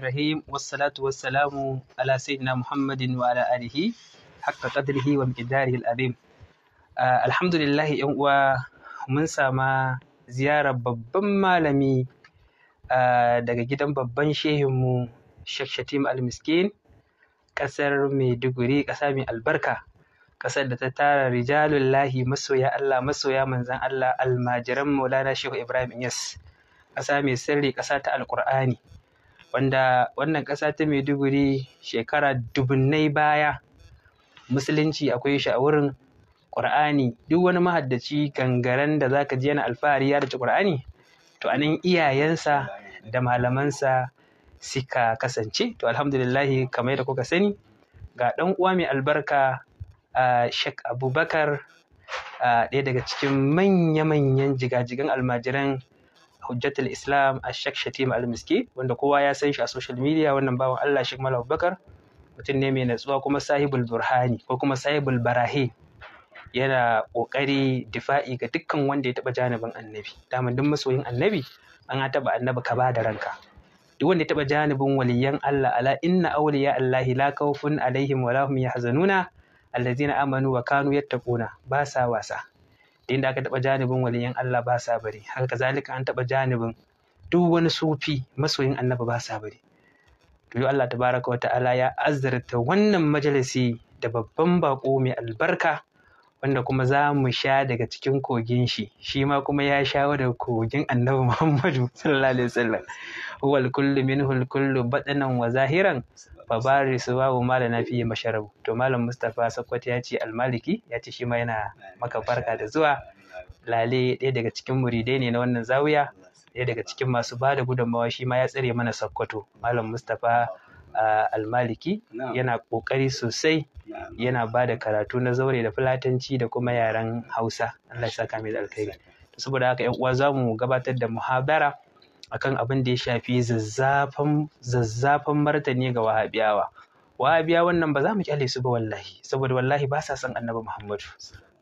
الرحيم ala sayyidina muhammadin wa ala alihi haqqa qadrihi wa miqdarihi al-azim ah, alhamdulillah yan uwa mun sama ziyarar babban malami ah, daga gidan babban shehin mu Sheikh Shatim Al-Miskin ƙasar Maiduguri ƙasa mai albarka ƙasar da ta tara rijalullahi masoya Allah masoya manzan Allah almajiran Maulana Shehu Ibrahim Yes ƙasa mai sirri ƙasa ta alqur'ani wanda wannan ƙasa ta Maiduguri shekara dubunnai baya musulunci akwai shi a wurin Ƙur'ani duk wani mahaddaci gangaren da zaka ji yana alfahari ya dace Ƙur'ani to anan iyayensa da malamansa suka kasance to alhamdulillahi kamar yadda kuka sani ga ɗan uwa mai albarka a Sheikh Abubakar ɗaya daga cikin manya-manyan jigajigan almajiran hujjatul islam ashak shatim miski wanda kowa ya san shi a social media wannan bawan allah shek malam abubakar mutum ne mai natsuwa kuma sahibul burhani ko kuma sahibul barahi yana ƙoƙari difa'i ga dukkan wanda ya taɓa janibin annabi daman duk masoyin annabi an taɓa annabi ka da ranka duk wanda ya taɓa janibin waliyan Allah ala inna awliya Allahi la khawfun alaihim wa lahum yahzanuna allazina amanu wa kanu yattaquna ba sa wasa inda aka taɓa janibin waliyan Allah ba sa bari haka kazalika an taɓa janibin duk wani sufi masoyin annabi ba sa bari to Allah tabaraka wa ta'ala ya azzarta wannan majalisi da babban bako mai albarka wanda kuma za mu sha daga cikin kogin shi shi ma kuma ya sha wa da kogin annabi Muhammadu sallallahu alaihi wasallam huwal kullu minhu kullu badanan wa zahiran fa barisu babu na fiye masharabu to malam Mustapha Sokoto ya ce almaliki ya ce shi ma yana maka farka da zuwa lale ɗaya daga cikin muridai ne na wannan zawiya ɗaya daga cikin masu ba da gudunmawa shi ma ya tsare mana Sokoto malam Mustapha almaliki yana ƙoƙari sosai yana ba da karatu na zaure da fulatanci da kuma yaren Hausa Allah ya saka mai da alkhairi saboda haka yan uwa za mu gabatar da muhabara akan abin da ya shafi zazzafan martani ga wahabiyawa wahabiyawan nan ba za mu kyale su ba wallahi saboda wallahi ba sa son annabi muhammadu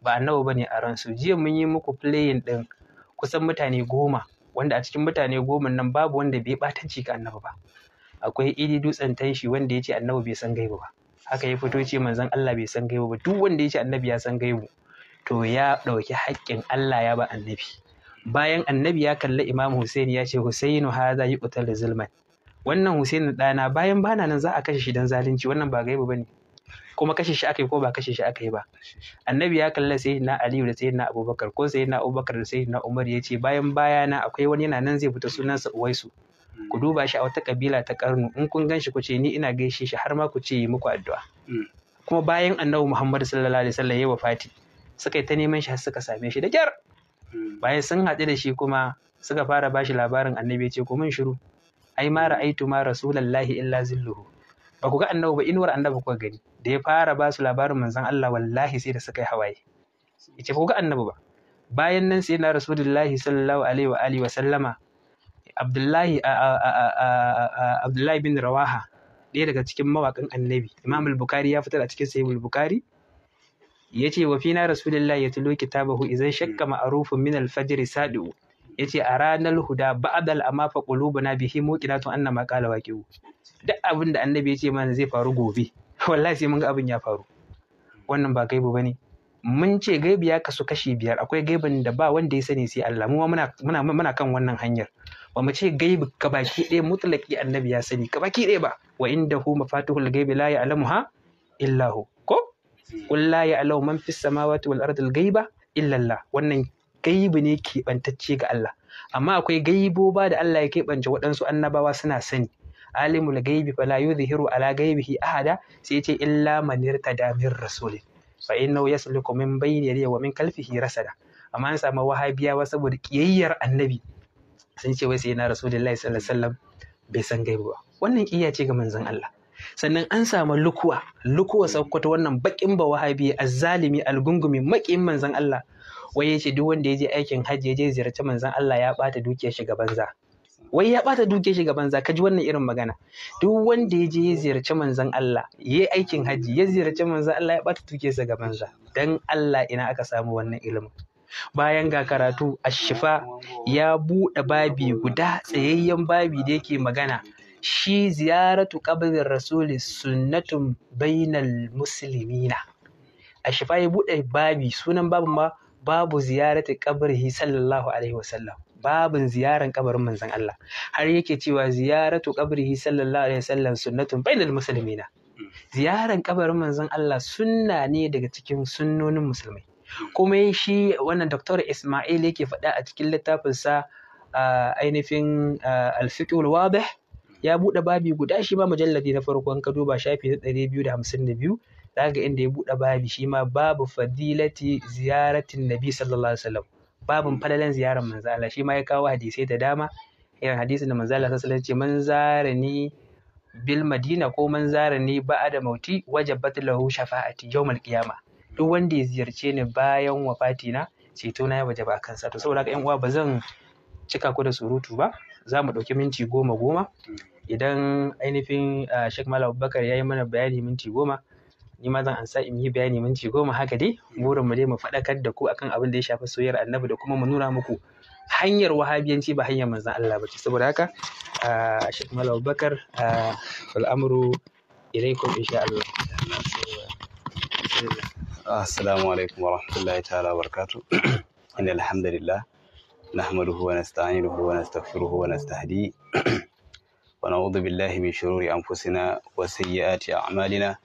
ba annabi bane a ransu jiya mun yi muku playing din kusan mutane goma wanda a cikin mutane goma nan babu wanda bai batanci ga annabi ba akwai idi dutsen tanshi wanda ya ce annabi bai san gaibu ba haka ya fito ce manzon Allah bai san gaiba ba duk wanda ya ce annabi ya san gaibu to ya ɗauki haƙƙin Allah ya ba annabi bayan annabi ya kalli imam Hussein ya ce Husainu hadha da zulman wannan Hussein ɗana bayan bana nan za a kashe shi dan zalunci wannan ba gaibu bane kuma kashe shi aka yi ko ba kashe shi aka yi ba annabi ya kalla sayyidina aliyu da sayyidina abubakar ko sayyidina abubakar da sayyidina umar ya ce bayan baya na akwai wani yana nan zai fita sunansa uwaisu ku hmm. duba shi a wata kabila ta karnu in kun gan shi ku ce ni ina gaishe shi har ma ku ce yi muku addu'a hmm. kuma bayan annabi muhammad sallallahu alaihi wasallam ya wafati suka yi ta neman shi har suka same shi da kyar Hmm. bayan sun haɗu da shi kuma suka fara bashi labarin annabi ya ce ku mun shiru ai ma ra'aitu ma rasulallahi illa zilluhu ba ku ga annabi ba inuwar annabi kuka gani da ya fara ba su labarin manzon Allah wallahi sai da suka yi hawaye yace ba ku ga annabi ba bayan nan sai na rasulullahi sallallahu alaihi wa alihi wa sallama Abdullahi Abdullahi bin Rawaha ɗaya daga cikin mawaƙan annabi Imam al-Bukhari ya fitar a cikin sahihul al yace wa fina rasulullahi yatlu kitabahu idan shakka ma'rufun hmm. min al-fajr sadu yace a ranar huda ba'dal amma fa qulubuna bihi muqinatun anna ma qala waqi'u duk abin da annabi ya ce mana zai faru gobe wallahi sai mun ga abin ya faru wannan ba gaibu bane mun ce gaibu ya kasu kashi biyar akwai gaibin da ba wanda ya sani sai Allah mu muna muna muna kan wannan hanyar ba mu ce gaibu baki ɗaya mutlaki annabi ya sani ka baki ɗaya ba wa indahu mafatihul gaibi la ya'lamuha illahu ko qul la ya'lamu man fis samawati wal ardi al wannan gaibi ne keɓantacce ga Allah amma akwai ba da Allah ya keɓance waɗansu annabawa suna sani alimul gaibi fala yuzhiru ala gaibihi ahada sai ce illa man irtada min rasulin fa innahu yasluku min bayni yadihi wa min kalfihi rasada amma an samu wahabiyawa saboda kiyayyar annabi sun ce wai sai na rasulullahi sallallahu alaihi wasallam bai san gaibu ba wannan kiyya ce ga manzon Allah sannan an samu lukuwa lukuwa saukwata wannan bakin ba wahabi azzalimi algungumi makin manzan Allah wai yace duk wanda yaje aikin hajji yaje ziyarci manzan Allah ya bata dukiyar shi gaban za wai ya bata dukiyar shi gaban za kaji wannan irin magana duk wanda yaje ya ziyarci manzan Allah yayi aikin hajji ya ziyarci manzan Allah ya bata dukiyar sa gaban dan Allah ina aka samu wannan ilimin bayan ga karatu ashifa ya buɗe babi guda tsayayyen babi da yake magana shi ziyaratu qabrin rasuli sunnatun bainal muslimina a shifa ya buɗe babi sunan babin ma babu ziyaratu qabrihi sallallahu alaihi wasallam babin ziyaran kabarin manzon Allah har yake cewa ziyaratu qabrihi sallallahu alaihi wasallam sunnatun bainal muslimina ziyaran kabarin manzon Allah sunna ne daga cikin sunnonin musulmai kuma shi wannan doktor Ismail yake faɗa a cikin littafinsa ainihin alfiqul wadih ya buɗe babi guda shi ma mujalladi na farko an ka duba shafi na ɗari biyu da hamsin da biyu za ga inda ya buɗe babi shi ma babu fadilati ziyaratin nabi sallallahu alaihi wasallam babin falalan ziyarar manzo Allah shi ma ya kawo hadisai da dama irin hadisin da manzo Allah sallallahu alaihi wasallam ce man ni bil madina ko man ba da mauti wajabat lahu shafa'ati yawmal qiyama duk wanda ya ziyarce ni bayan wafatina ceto na ya wajaba kansa to saboda haka yan uwa bazan cika ku da surutu ba za mu ɗauki minti goma goma idan ainihin ah, Sheikh Malam Abubakar ya yi mana bayani minti goma ni ma zan ansa in yi bayani minti goma haka dai burin mu dai mu faɗakar da ku akan abin da ya shafi soyayyar annabi da kuma mu nuna muku hanyar wahabiyanci ba hanyar manzon Allah bace saboda haka ah, Sheikh Malam Abubakar fal ah, amru ilaikum insha Allah Assalamu alaikum warahmatullahi ta'ala barakatuh innal hamdalillah نحمده ونستعينه ونستغفره ونستهديه ونعوذ بالله من شرور أنفسنا وسيئات أعمالنا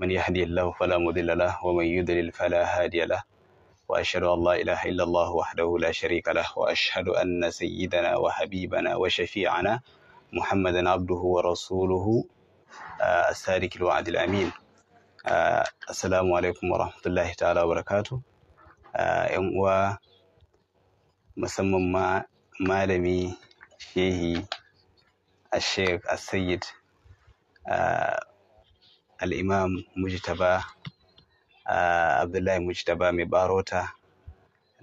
من يهدي الله فلا مضل له ومن يضلل فلا هادي له وأشهد أن لا إله إلا الله وحده لا شريك له وأشهد أن سيدنا وحبيبنا وشفيعنا محمدا عبده ورسوله آه، الصادق الوعد الأمين آه، السلام عليكم ورحمة الله تعالى وبركاته 'yan آه، musamman ma malami shehi a sheik a al'imam mujtaba abdullahi mujtaba mai barota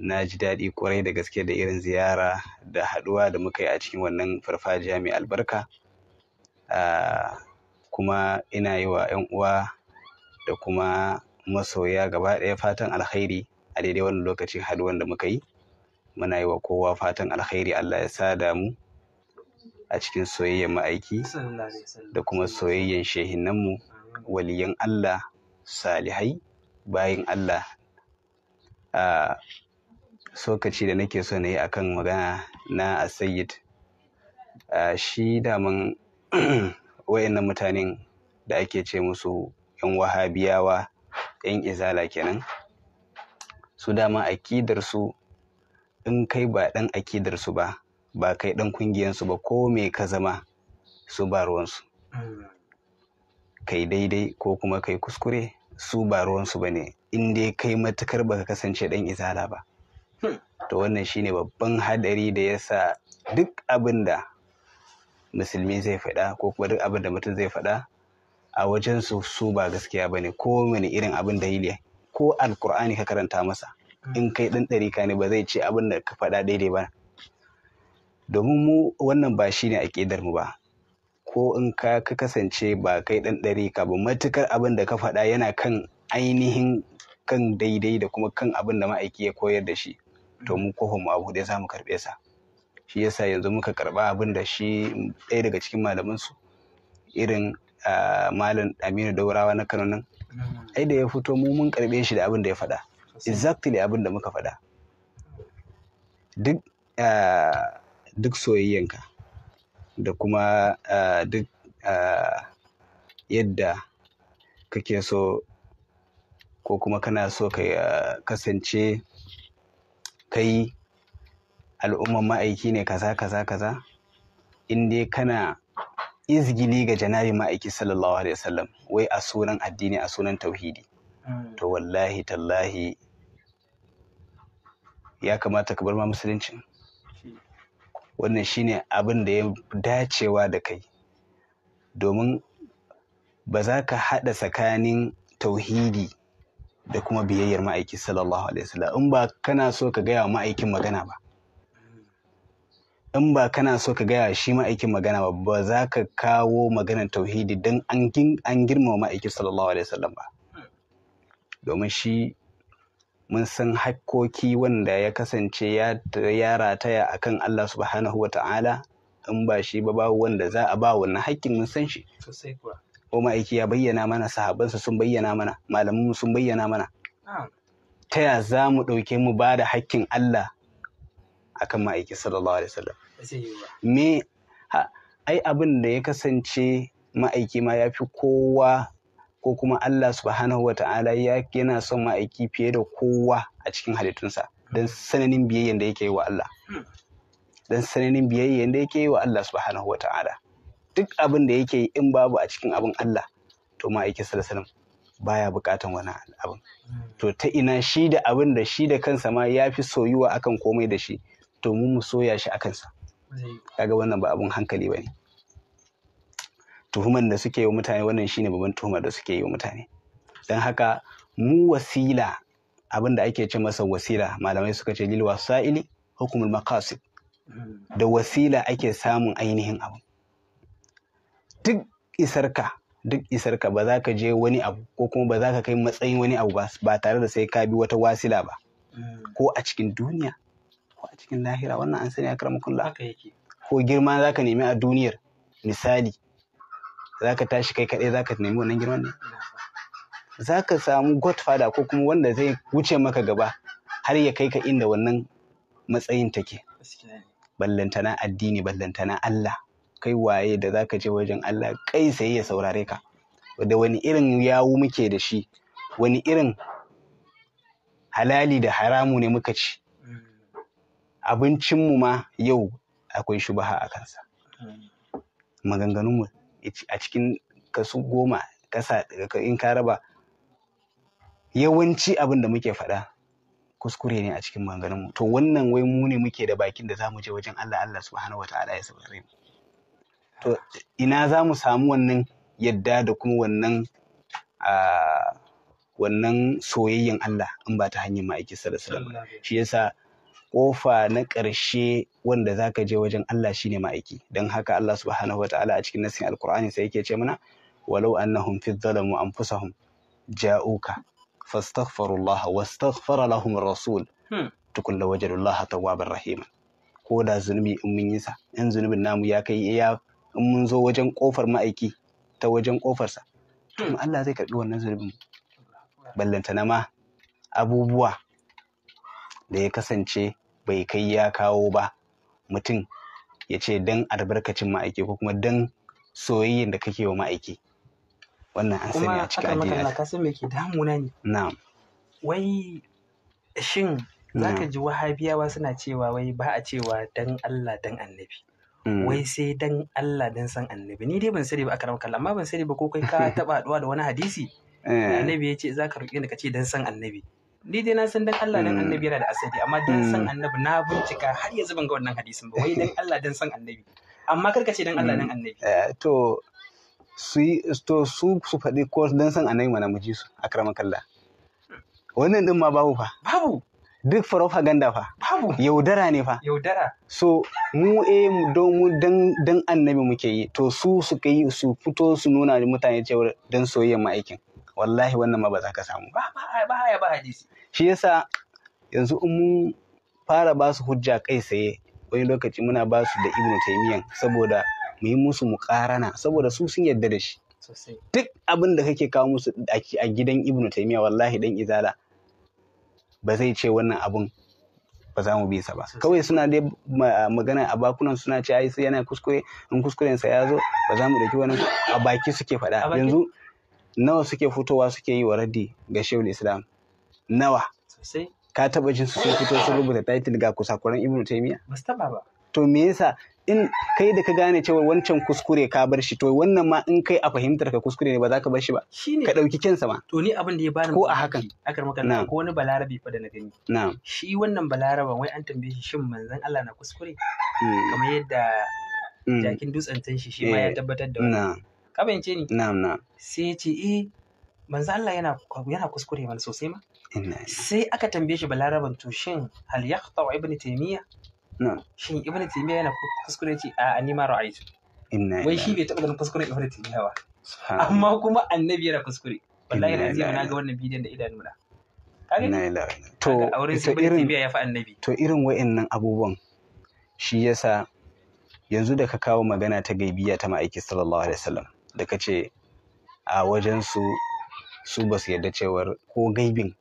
na ji daɗi kwarai da gaske da irin ziyara da haɗuwa da muka yi a cikin wannan farfajiya mai albarka kuma ina yi wa 'yan uwa da kuma masoya gaba ɗaya fatan alkhairi a daidai wannan lokacin haɗuwan da muka yi muna yi wa kowa fatan alkhairi Allah ya da mu a cikin soyayyen ma'aiki da kuma soyayyen shehinanmu waliyan Allah salihai bayin Allah a sokaci da nake so na yi a kan magana na asayid shi daman wayannan mutanen da ake ce musu yan wahabiyawa yan izala kenan su dama akidarsu in kai ba ɗan akidarsu ba ba kai ɗan ƙungiyarsu ba ko me ka zama su ba ruwansu kai daidai ko kuma kai kuskure su ba ruwansu ba ne in dai kai matukar baka kasance ɗan izala ba to wannan shine babban hadari da ya sa duk abin da musulmi zai faɗa ko kuma duk abin da mutum zai faɗa a wajensu su ba gaskiya ba ne ko wani irin abin da ko alkur'ani ka karanta masa in kai ɗan ɗarika ne ba zai ce abin da ka faɗa daidai ba domin mu wannan ba shi ne a aƙidar mu ba ko in ka kasance ba kai ɗan ɗarika ba matukar abin da ka faɗa yana kan ainihin kan daidai da kuma kan abin da ma'aiki ya koyar da shi to mu kofin mu abu za mu karɓe sa shi yasa yanzu muka karɓa abin da shi ɗaya daga cikin malaman su irin ah, malam aminu daurawa na kano ai da ya fito mu mun karɓe shi da abin da ya faɗa exactly abin da muka faɗa duk ah, soyayyanka da kuma ah, duk ah, yadda kake so ko kuma kana so ka kasance kai al'umman ma'aiki ne kaza kaza kaza in dai kana izgili ga janari ma'aiki sallallahu alaihi wasallam wai a sunan addini a sunan tauhidi Mm. to wallahi tallahi ya kamata ka bar ma musuluncin wannan shine abin da ya dacewa da kai domin ba za ka haɗa tsakanin tauhidi da kuma biyayyar ma'aiki sallallahu alaihi wasallam in ba kana so ka gaya wa ma'aikin magana ba in ba kana so ka gaya shi ma'aikin magana ba ba za ka kawo maganar tauhidi don an girmama ma'aikin sallallahu alaihi wasallam ba domin shi mun san hakkoki wanda ya kasance ya rataya a kan Allah subhanahu wa ta'ala in ba shi ba babu wanda za a ba wannan hakkin mun san shi ko ma'aiki ya bayyana mana sahabansa sun bayyana mana malamin sun bayyana mana ta ya za mu ɗauke mu ba da hakkin Allah akan ma'aiki sallallahu alaihi wasallam me ai abin da ya kasance ma'aiki ma ya fi kowa ko kuma Allah subhanahu wa ta'ala ya yana son ma'aiki fiye da kowa a cikin halittunsa don sananin biyayyen da yake yi wa Allah don sananin biyayyen da yake yi wa Allah subhanahu wa ta'ala duk abin da yake yi in babu a cikin abin Allah to ma'aiki sallallahu baya bukatan wani abin to ta ina shi da abin da shi da kansa ma ya fi soyuwa akan komai da shi to mu mu soya shi a kansa kaga wannan ba abin hankali ba ne tuhuman da suke yi wa mutane wannan shine babban tuhumar da suke yi wa mutane don haka mu wasila abin da ake ce masa wasila malamai suka ce lil wasaili hukumul maqasid da wasila ake samun ainihin abu duk isarka duk isarka ba za ka je wani abu ko kuma ba za ka kai matsayin wani abu ba tare da sai ka bi wata wasila ba ko a cikin duniya ko a cikin lahira wannan an sani akramukum ko girma za ka nemi a duniyar misali za ka tashi kai kaɗai za ka nemi wannan girman ne za ka samu godfather ko kuma wanda zai wuce maka gaba har ya kai ka inda wannan matsayin take ballantana addini ballantana Allah kai waye da za ka je wajen Allah kai sai ya saurare ka da wani irin yawu muke da shi wani irin halali da haramu ne muka ci hmm. abincinmu ma yau akwai shubaha a kansa hmm. maganganunmu a cikin kaso goma kasa in ka raba yawanci abin da muke faɗa kuskure ne a cikin maganganun mu to wannan wai mu ne muke da bakin da za mu je wajen Allah Allah subhanahu wataala ya sabare mu to ina za mu samu wannan yadda da kuma wannan wannan soyayyen Allah in ba ta hanyar ma'aikin sallallahu alaihi wasallam shi yasa Ƙofa na ƙarshe wanda za ka je wajen Allah shi ne ma'aiki don haka Allah subhanahu wa ta'ala a cikin nasin alkur'ani sai yake ce mana walau annahum fi zalamu anfusahum ja'uka fastaghfirullah wastaghfara lahum rasul hmm. tukulla wajadullah tawwabar rahima ko da zunubi in mun yi sa in zunubin namu ya kai ya in mun zo wajen kofar ma'aiki ta wajen kofarsa to hmm. Allah zai karbi wannan zunubin ballantana ma abubuwa da ya kasance bai kai ya kawo ba mutum ya ce don albarkacin ma'aiki ko kuma don soyayyen da kake wa ma'aiki wannan an sani a cikin addini kuma ka san me ke damuna ne na'am wai shin za ka ji wahabiyawa suna cewa wai ba a cewa dan Allah dan annabi mm. wai sai dan Allah dan san annabi ni dai ban sani ba a karamar amma ban sani ba ko kai ka taba da wani hadisi eh. annabi ya ce za ka roƙe ni ka ce dan san annabi ni dai na san dan Allah dan hmm. annabi yana da asali amma dan san hmm. annabi na bincika har yanzu ban ga wannan hadisin ba wai dan Allah dan san annabi amma karka ce dan Allah dan hmm. annabi eh, to su to su su faɗi ko dan san annabi mana muji su a karaman kalla wannan din ma babu fa babu duk propaganda fa babu yaudara ne fa yaudara so mu eh don mu dan dan annabi muke yi to su su kai su fito su nuna mutane cewa dan soyayya ma aikin wallahi wannan ma ba za ka samu ba ba ya ba hadisi shi yasa yanzu in mun fara ba su hujja kai tsaye wani lokaci muna ba su da ibnu taymiyan saboda mu yi musu muƙarana saboda su sun yarda da shi duk abin da kake kawo musu a gidan ibnu taymiya wallahi dan izala ba zai ce wannan abun ba za mu bi ba kawai suna dai magana a bakunan suna ce ai yana kuskure in kuskurensa ya zo ba za mu dauki wani a baki suke faɗa yanzu nawa suke fitowa suke yi wa raddi ga shehul islam nawa ka taba jin su sun fito sun rubuta title ga kusakuran ibnu taymiya ba ba to me yasa in kai da ka gane cewa wancan kuskure ka bar shi to wannan ma in kai a fahimtar ka kuskure ne ba za ka bar shi ba ka dauki kinsa ma to ni abin da ya bani ko a hakan akar maka na ko wani balarabi fa da na gani na'am shi wannan balaraban wai an tambaye shi shin manzon Allah na kuskure hmm. kamar yadda hmm. jakin dutsen shi shi ma ya eh. tabbatar da wannan ka fahimce ni na'am na'am sai ce eh manzo Allah yana yana kuskure mana sosai ma sai aka tambaye shi balaraban to shin hal yaqta ibn taymiya shin ibn taymiya yana kuskure ce a ni ma ra'aytu wai shi bai taɓa ganin kuskure ibn taymiya ba amma kuma annabi yana kuskure wallahi da zai na ga wannan bidiyon da idanu na to to irin ya fa annabi to irin wayannan abubuwan shi yasa yanzu da ka kawo magana ta gaibiya ta ma'aiki sallallahu alaihi wasallam da kace a wajensu su ba su yarda cewar ko gaibin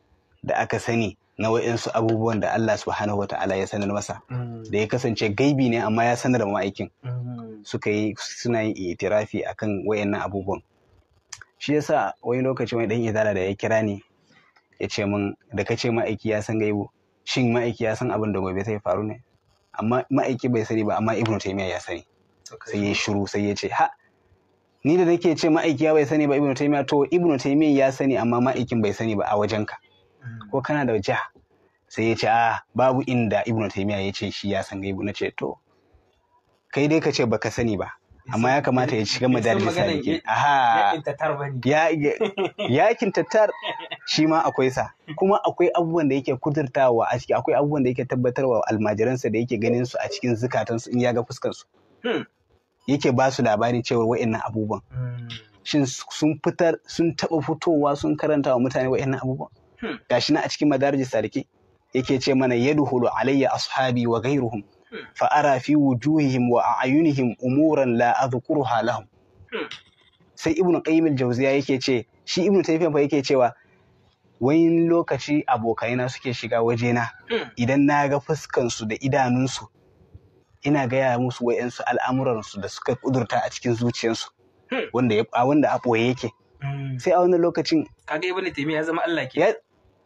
da aka sani na wa'insu abubuwan da Allah subhanahu wa ta'ala ya sanar masa mm. da ya kasance gaibi ne amma ya sanar da ma'aikin mm. suka yi suna yin itirafi akan wayannan abubuwan shi yasa wani lokaci wani dan izala da ya kira ni ya ce min da kace ma'aiki ya san gaibu shin ma'aiki ya san abin da gobe zai faru ne amma ma'aiki bai sani ba amma ibnu taymiya ya sani sai ya shiru sai ya ce ha ni da nake ce ma'aiki ya bai sani ba ibnu taimiyya to ibnu taimiyya ya sani amma ma'aikin bai sani ba a wajenka hmm. ko kana da jiha sai ya ce a ah, babu inda ibnu taimiyya ya ce shi ya san gaibu na ce to kai dai ka ce baka sani ba amma ya kamata ya shiga madalin sarki aha ya yakin tattar shi ma akwai sa kuma akwai abubuwan da yake kudurtawa a ciki akwai abubuwan da yake tabbatarwa almajiransa da yake ganin su a cikin zukatansu in ya ga fuskar su hmm. yake ba su labari cewar wa'annan abubuwan shin sun fitar sun taɓa fitowa sun karanta wa mutane wa'annan abubuwan hmm. shi na a cikin madarji sarki yake ce mana yadhulu alayya ashabi wa ghayruhum hmm. fa ara fi wujuhihim wa a'yunihim umuran la adhkuruha lahum hmm. sai ibnu qayyim al yake ce shi ibnu taymiyyah fa yake cewa wani lokaci abokaina suke shiga wajena idan na ga fuskansu da idanunsu ina gaya musu wa'yansu al'amuransu da suka kudurta a cikin zuciyarsu hmm. wanda a wanda a ɓoye yake hmm. sai a wani lokacin kaga ibn taymiya ya zama Allah ke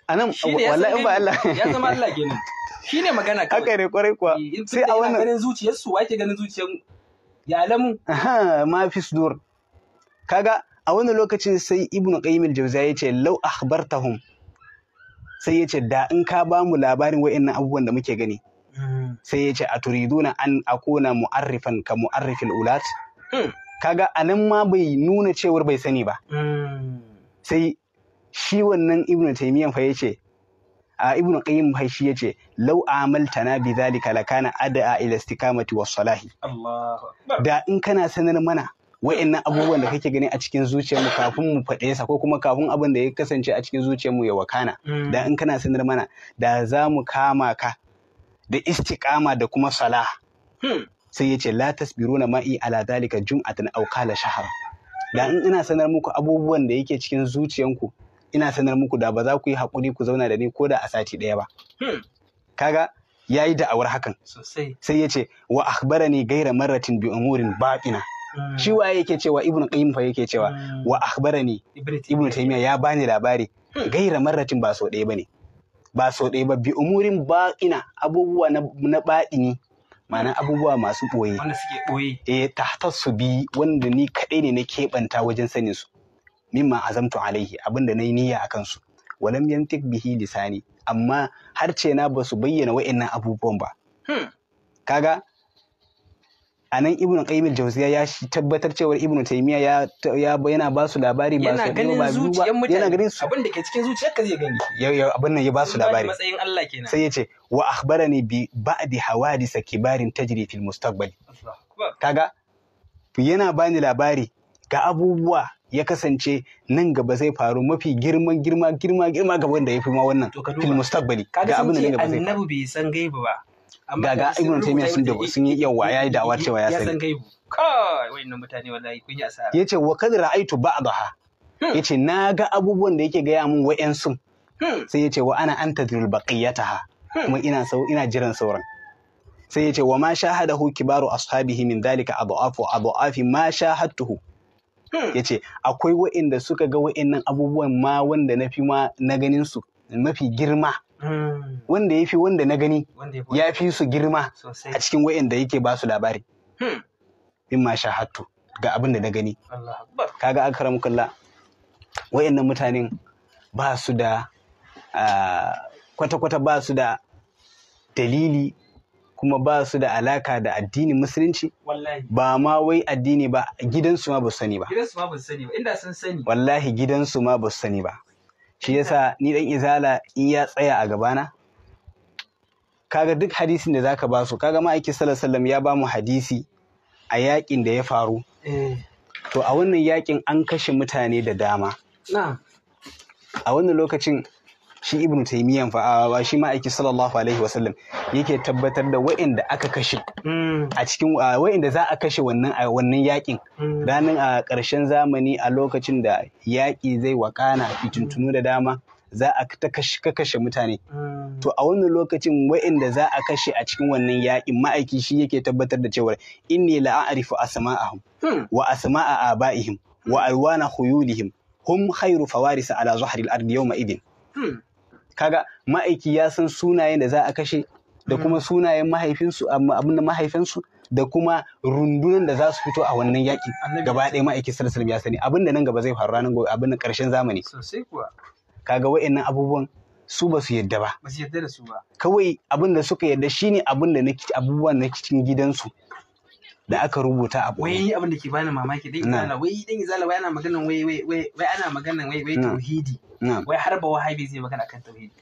anan wallahi in ba Allah ya zama Allah ke nan shine magana kawai haka ne kwarai kuwa eh, sai a wannan ganin zuciyarsu wake ganin zuciyar ya alamu aha ma fi sudur kaga a wani lokacin sai Ibn qayyim al-jawziya yace law akhbartahum sai yace da in ka ba mu labarin wa'annan abubuwan da muke gani sai ya ce a turiduna an akuna mu'arrifan ka mu'arrifin ulat hmm. kaga anan ma bai nuna cewar bai sani ba hmm. sai shi wannan ibnu taymiyan fa yace a ibnu qayyim fa shi yace law amaltana bi zalika lakana ad'a ila istiqamati was salahi da in kana sanar mana wa'annan abubuwan da kake gani a cikin zuciyarmu kafin mu faɗe sa ko kuma kafin abin da ya kasance a cikin zuciyarmu ya wakana hmm. da in kana sanar mana da za mu kama ka da istiƙama da kuma sala hmm. sai ya ce la tasbiruna ma'i ala dalika jum'atan aw qala shahar da in ina sanar muku abubuwan da yake cikin zuciyanku ina sanar muku da ba za ku yi haƙuri ku zauna da ni ko da a sati ɗaya ba hmm. kaga ya yi da'awar hakan sai ya ce wa akhbarani gaira marratin bi umurin ba'ina. Hmm. shi wa yake cewa Ibn qayyim fa yake cewa wa akhbarani Ibn Taymiyyah ya bani labari gaira marratin ba so ɗaya bane ba sau ɗaya ba bi umurin ba ina abubuwa na ne ma'ana abubuwa masu ɓoye wanda suke ɓoye eh su bi wanda ni kaɗai ne na keɓanta wajen sanin su mimma azamtu alaihi abinda na yi niyya a kansu walam yantik bihi lisani amma har ce na ba su bayyana wa'annan abubuwan ba hmm. kaga a nan ibnu qayyim jawziya ya tabbatar cewa ibnu taymiya ya yana ba su labari ba su ba biyu ba yana ganin su abin da ke cikin zuciyarka zai gani ya abin nan ya ba su labari matsayin Allah kenan sai yace wa akhbarani bi ba'di hawadis kibarin tajri fil mustaqbal kaga yana bani labari ga abubuwa ya kasance nan gaba zai faru mafi girma girma girma girma gaban da ya fi ma wannan fil mustaqbali ga abin da gaba zai annabi bai san gaiba ba gaga ibn taymiya sun da sun yi yawa yi dawa cewa ya san Ya kai wa mutane wallahi kun yi asara yace wa kad hmm. ce, ba'daha yace na ga abubuwan da yake gaya min sun hmm. sai yace wa ana antadrul baqiyataha hmm. kuma ina sau ina jiran sauran sai yace wa ma shahadahu kibaru ashabihi min dalika adhafu adhafi ma shahadtuhu yace akwai wa'inda suka ga wa'innan abubuwan ma wanda na fi ma na ganin su mafi girma Hmm. wanda ya fi wanda na gani ya fi su girma a cikin wa'inda yake ba su labari hmm. in ma sha hattu ga abin da na gani kaga akaram kalla wa'innan mutanen ba su da kwata-kwata ba su da dalili kuma ba su da alaka da addinin musulunci ba ma wai addini ba gidansu ma ba sani sani ba wallahi gidansu ma ba sani ba shi yasa ni dan izala in ya tsaya a gabana kaga duk hadisin da zaka ba su kaga ma'aikin sallallahu ya ba mu hadisi a yakin da ya faru eh. to a wannan yakin an kashe mutane da dama a wannan lokacin shi ibnu taymiyan fa shi ma'aiki sallallahu alaihi wasallam yake tabbatar da wa'inda aka kashe mm. a cikin wa'inda za a kashe wannan wannan yakin mm. ranar a ƙarshen zamani a lokacin da yaƙi zai wakana fitintunu da dama za a ta kashe mutane mm. to a wannan lokacin wa'inda za a kashe a cikin wannan yaƙin ma'aiki shi yake tabbatar da cewa inni la'arifu asma'ahum hmm. wa asma'a aba'ihim wa hmm. alwana khuyulihim hum khairu fawarisa ala zuhril ardi yawma idin hmm. kaga ma'aiki ya san sunayen da za a kashe da mm. kuma sunayen mahaifinsu abin da mahaifinsu da kuma rundunan da za su fito a wannan yaƙi gaba ɗaya ma'aikin sarsalam ya sani abin da nan gaba zai faru ranar gobe abin da ƙarshen zamani kaga wa'annan abubuwan su ba su yadda ba kawai abin da suka yadda shine abin da abubuwan na cikin gidansu da aka rubuta a ɓoye. Wai abin da ke bani mamaki dai izala wai dan izala wai ana maganan wai wai wai ana maganan wai wai tauhidi. Wai har ba wahabi zai magana kan tauhidi.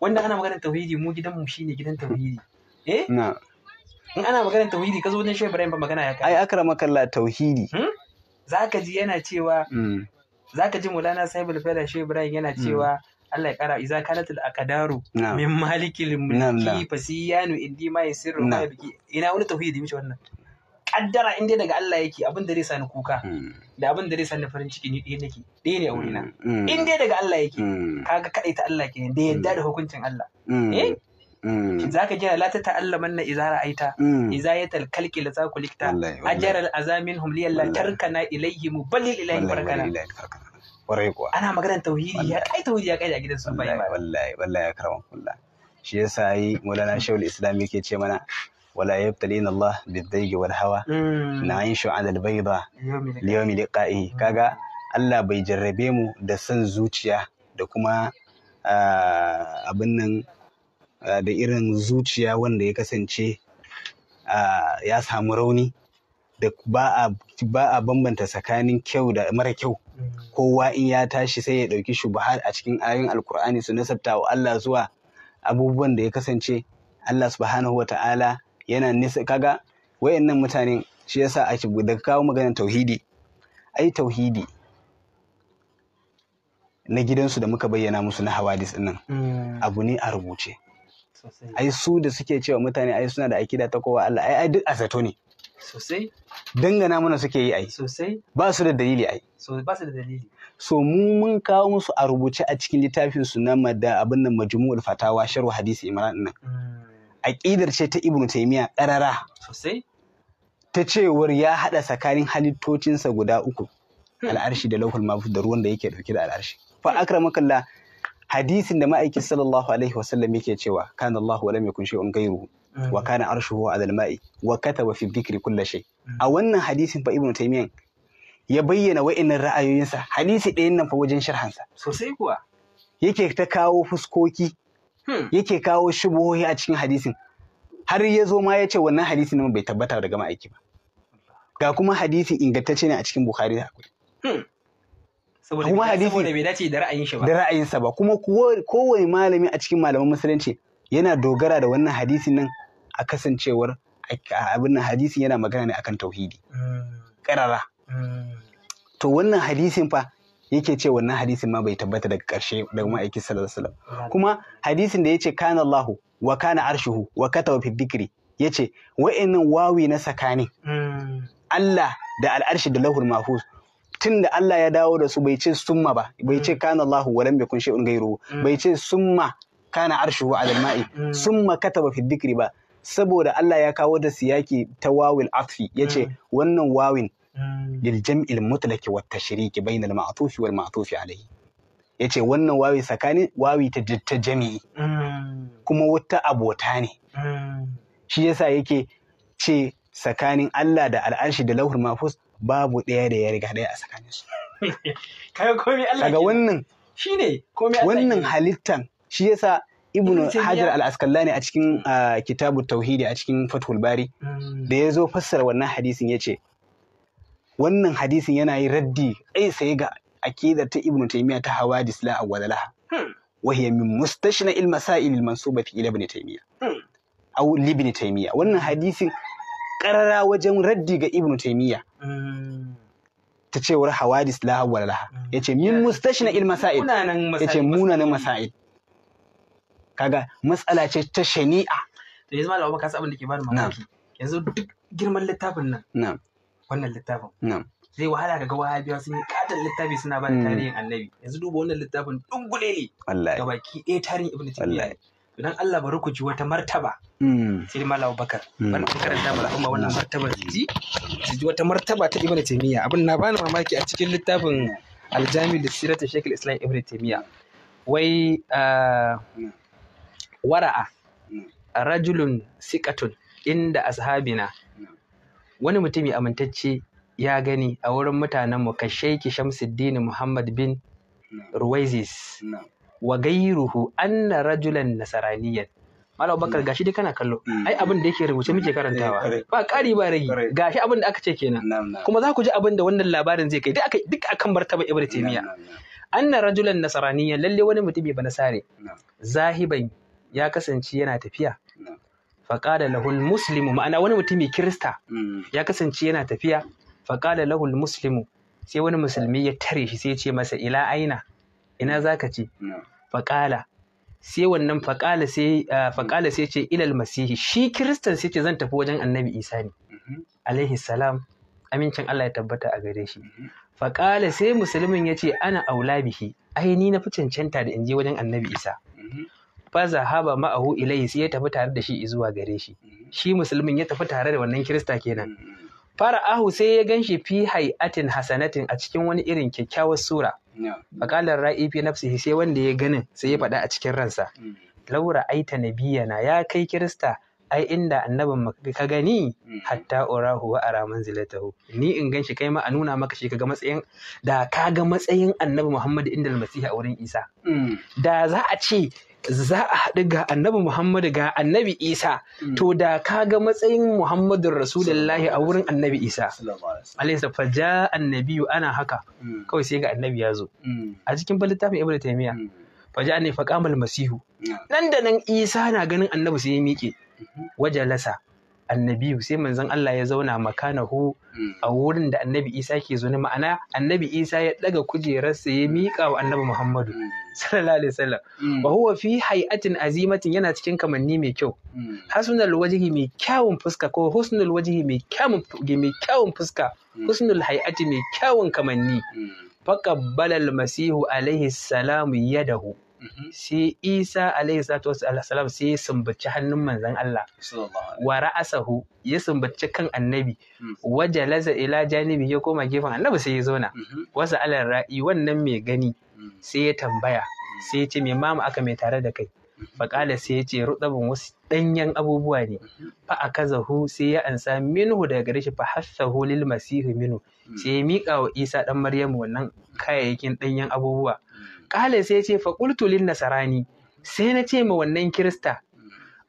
Wanda ana maganan tauhidi mu gidan mu shine gidan tauhidi. Eh? In ana maganan tauhidi ka zo wajen Shehu Ibrahim ba magana ya kai. Ai akrama kalla tauhidi. Hmm? Za ka ji yana cewa hmm. za ka ji Maulana Sahibul Fada Shehu Ibrahim yana hmm. cewa Allah ya kara iza kanat al aqdaru min malikil mulki fasiyanu indi ma yasirru ma ina wani tauhidi mishi wannan kaddara in dai daga Allah yake abin da zai sani kuka hmm. da abin da zai sani farin ciki ni ɗaya nake ɗaya ne a wurina hmm. Hmm. in dai daga Allah yake kaga kaɗai ta Allah ke da yadda da hukuncin Allah eh za ka jira la ta ta'allaman na izara aita izayatal kalki la zaku likta ajaral azamin hum liyalla tarkana ilayhi mubalil ilayhi barkana kwarai kuwa ana maganar tauhidi ya kai tauhidi ya kai da gidan sun bai wallahi wallahi ya karama kullu shi yasa yi mulana shaul islam yake ce mana ولا يبتلين الله بالضيق والهوى نعيش على البيضة ليوم لقائه كاغا الله بي جربي مو da san zuciya da kuma abin nan da irin zuciya wanda ya kasance ya samu rauni da ba a bambanta tsakanin kyau da mara kyau kowa in ya tashi sai ya ɗauki shubuhat a cikin ayoyin alkur'ani su nasabta wa Allah zuwa abubuwan da ya kasance Allah subhanahu wa ta'ala yana nisa kaga wayannan mutanen shi yasa ake Daga kawo maganar tauhidi ai tauhidi na gidansu da muka bayyana musu na hawadis nan mm. abu ne a rubuce ai su da suke cewa mutane ai suna da akida ta kowa Allah ai ai duk azato ne sosai dangana mana suke yi ai sosai ba su da dalili ai so ba su da dalili so mu mun kawo musu a rubuce a cikin littafin su na abin nan majmu'ul fatawa sharh hadisi imran nan aƙidar ce ta Ibn taimiya ƙarara sosai ta cewar ya haɗa tsakanin halittocinsa guda uku hmm. al'arshi da laukul da ruwan da yake ɗauke da al'arshi fa akramakallah hadisin da ma'aiki sallallahu alaihi wasallam yake cewa kana Allah wa lam yakun shay'un ghayruhu hmm. wa kana arshuhu ala al-ma'i wa kataba fi dhikri kulli shay hmm. a wannan hadisin fa ibnu taymiyan ya bayyana wayannan ra'ayoyinsa hadisi ɗayan nan fa wajen sharhansa sosai kuwa yake ta kawo fuskoki Hmm. yake kawo shubuhohi a cikin hadisin har ya zo ma ya ce wannan hadisin bai tabbata daga ma'aiki ba ga kuma hadisi ingantacce ne a cikin bukhari da hmm. akwai kuma hadisi bai dace da ra'ayin shi ba da ra'ayin sa ba kuma kowane malami a cikin malaman musulunci yana dogara da wannan hadisin nan a kasancewar abin nan hadisin yana magana ne akan tauhidi hmm. karara to wannan hadisin fa yake ce wannan hadisin ma bai tabbata daga ƙarshe daga ma'aikin sallallahu alaihi kuma hadisin da yace kana Allahu wa kana arshuhu wa katawa fi dhikri yace wa'annan wawi na sakani hmm. Allah da al'arshi da lahul mahfuz tun da Allah ya dawo da su bai ce summa ba bai ce hmm. kana Allahu wa lam yakun shay'un ghayruhu hmm. bai ce summa kana arshuhu ala al-ma'i summa kataba fi dhikri ba saboda Allah ya kawo da siyaki ta wawil ya yace wannan wawin liljam'il mutlaki wa tashriki bainal ma'tufi wal ma'tufi alayhi yace wannan wawi tsakanin wawi ta ta jami'i kuma wata abota ne shi yasa yake ce tsakanin Allah da al'arshi da lauhul mahfuz babu ɗaya da ya riga ɗaya a tsakanin su kaga wannan shine komai wannan halittan shi yasa ibn hajar al-askallani a cikin kitabu tauhidi a cikin fathul bari da ya zo fassara wannan hadisin yace ce wannan hadisin yana yi raddi kai sai ga akidar ta ibnu taymiya ta hawadis la awwalaha hmm. wa hiya min mustashna al masail al mansuba fi ibn taymiya hmm. aw li ibn taymiya wannan hadisin karara wajen raddi ga ibnu taymiya hmm. ta cewar hawadis la awwalaha yace min mustashna al masail yace munanan masail kaga matsala ce ta shani'a to yanzu ka san abin da ke bani mamaki yanzu duk girman littafin nan wannan littafin zai wahala ga biyar sun yi katon littafi suna ba da hmm. tarihin annabi yanzu duba wannan littafin dungule ne ga baki ɗaya tarihin Ibn taymiya idan Allah bari ku ji wata martaba hmm. sai dai Malam Bakar hmm. bari ku karanta mu al'umma wannan martaba su ji su ji wata martaba ta Ibn Taymiyyah abin na bani mamaki a cikin littafin Aljami da Sirat Shaykh al-Islam Ibn Taymiyyah wai ah, wara'a rajulun siqatun inda ashabina wani mutumi amintacce ya gani a wurin mutanenmu ka shaiki shamsuddin muhammad bin ruwaizis wa gairuhu anna rajulan nasaraniyan Malam Bakar mm. gashi dai kana kallo. Mm. Ai abin da yake rubuce muke karantawa. Eh, ba ƙari ba rage. Gashi abin da aka ce kenan. Kuma za ku ji abin da wannan labarin zai kai duk akan martaba Ibn Taymiyyah. Anna rajulan nasaraniyan lalle wani mutumi ba nasare. Zahiban ya kasance yana tafiya faƙada lahul muslimu ma'ana wani mutum mai kirista mm. ya kasance yana tafiya faƙada lahul muslimu sai wani musulmi ya tare shi sai ya ce masa ila aina ina zaka ce faƙala sai wannan faƙala sai ah, faƙala sai ce ilal masihi shi kiristan sai ce zan tafi wajen annabi isa ne mm-hmm. alaihi salam amincin Allah ya tabbata a gare shi mm-hmm. faƙala sai musulmin ya ce ana aula bihi ai ni na fi cancanta da in je wajen annabi isa fa zahaba ma'ahu ilayhi sai ya tafi tare da shi zuwa gare shi shi musulmin ya tafi tare da wannan kirista kenan fara ahu sai ya ganshi shi fi hayatin hasanatin a cikin wani irin kyakkyawar sura bakalar ra'i fi nafsihi sai wanda ya ganin sai ya faɗa a cikin ransa laura aita nabiyana ya kai kirista ai inda annabin ka gani hatta urahu wa ara manzilatahu ni in ganshi kai ma a nuna maka shi kaga matsayin da kaga matsayin annabi Muhammad inda almasihi a wurin Isa da za a ce za a haɗu ga annabi Muhammadu ga annabi Isa hmm. to da ka ga matsayin Muhammadu Rasulullahi a wurin annabi Isa alayhi faja annabiyu ana haka hmm. kawai sai ga annabi ya zo hmm. a cikin balittafin Ibn taimiya, faja ne faqamal masihu nan da nan Isa na ganin annabi sai ya miƙe lasa. annabiyu sai manzon Allah ya zauna makanahu hmm. a wurin da annabi Isa ke zaune ma'ana annabi Isa ya daga kujerarsa ya miƙa wa annabi Muhammadu hmm. sallallahu alaihi wasallam hmm. wa huwa fi hay'atin azimatin yana cikin kamanni mai kyau hasnul wajhi mai kyawun fuska ko husnul wajhi mai kyawun mai kyawun fuska husnul hay'ati mai kyawun kamanni faqabbala masihu alaihi salam yadahu Mm-hmm. sai isa alaihi salatu wassalam sai ya sumbaci hannun manzon Allah wa ra'asahu ya sumbaci kan annabi mm. waje laza ila janibi ya koma gefen annabi sai ya zauna mm-hmm. wasa alar ra'i wannan mai gani mm. sai ya tambaya mm. sai ya ce me mamu aka mai tare da kai mm-hmm. faƙala sai ya ce rutsabin wasu ɗanyen abubuwa ne fa a sai ya ansa minhu daga gare shi fa masihi lil masih minhu sai ya miƙa wa isa ɗan maryamu wannan kayayyakin ɗanyen abubuwa Ƙala sai ce faƙultulin nasarani sai na ce ma wannan kirista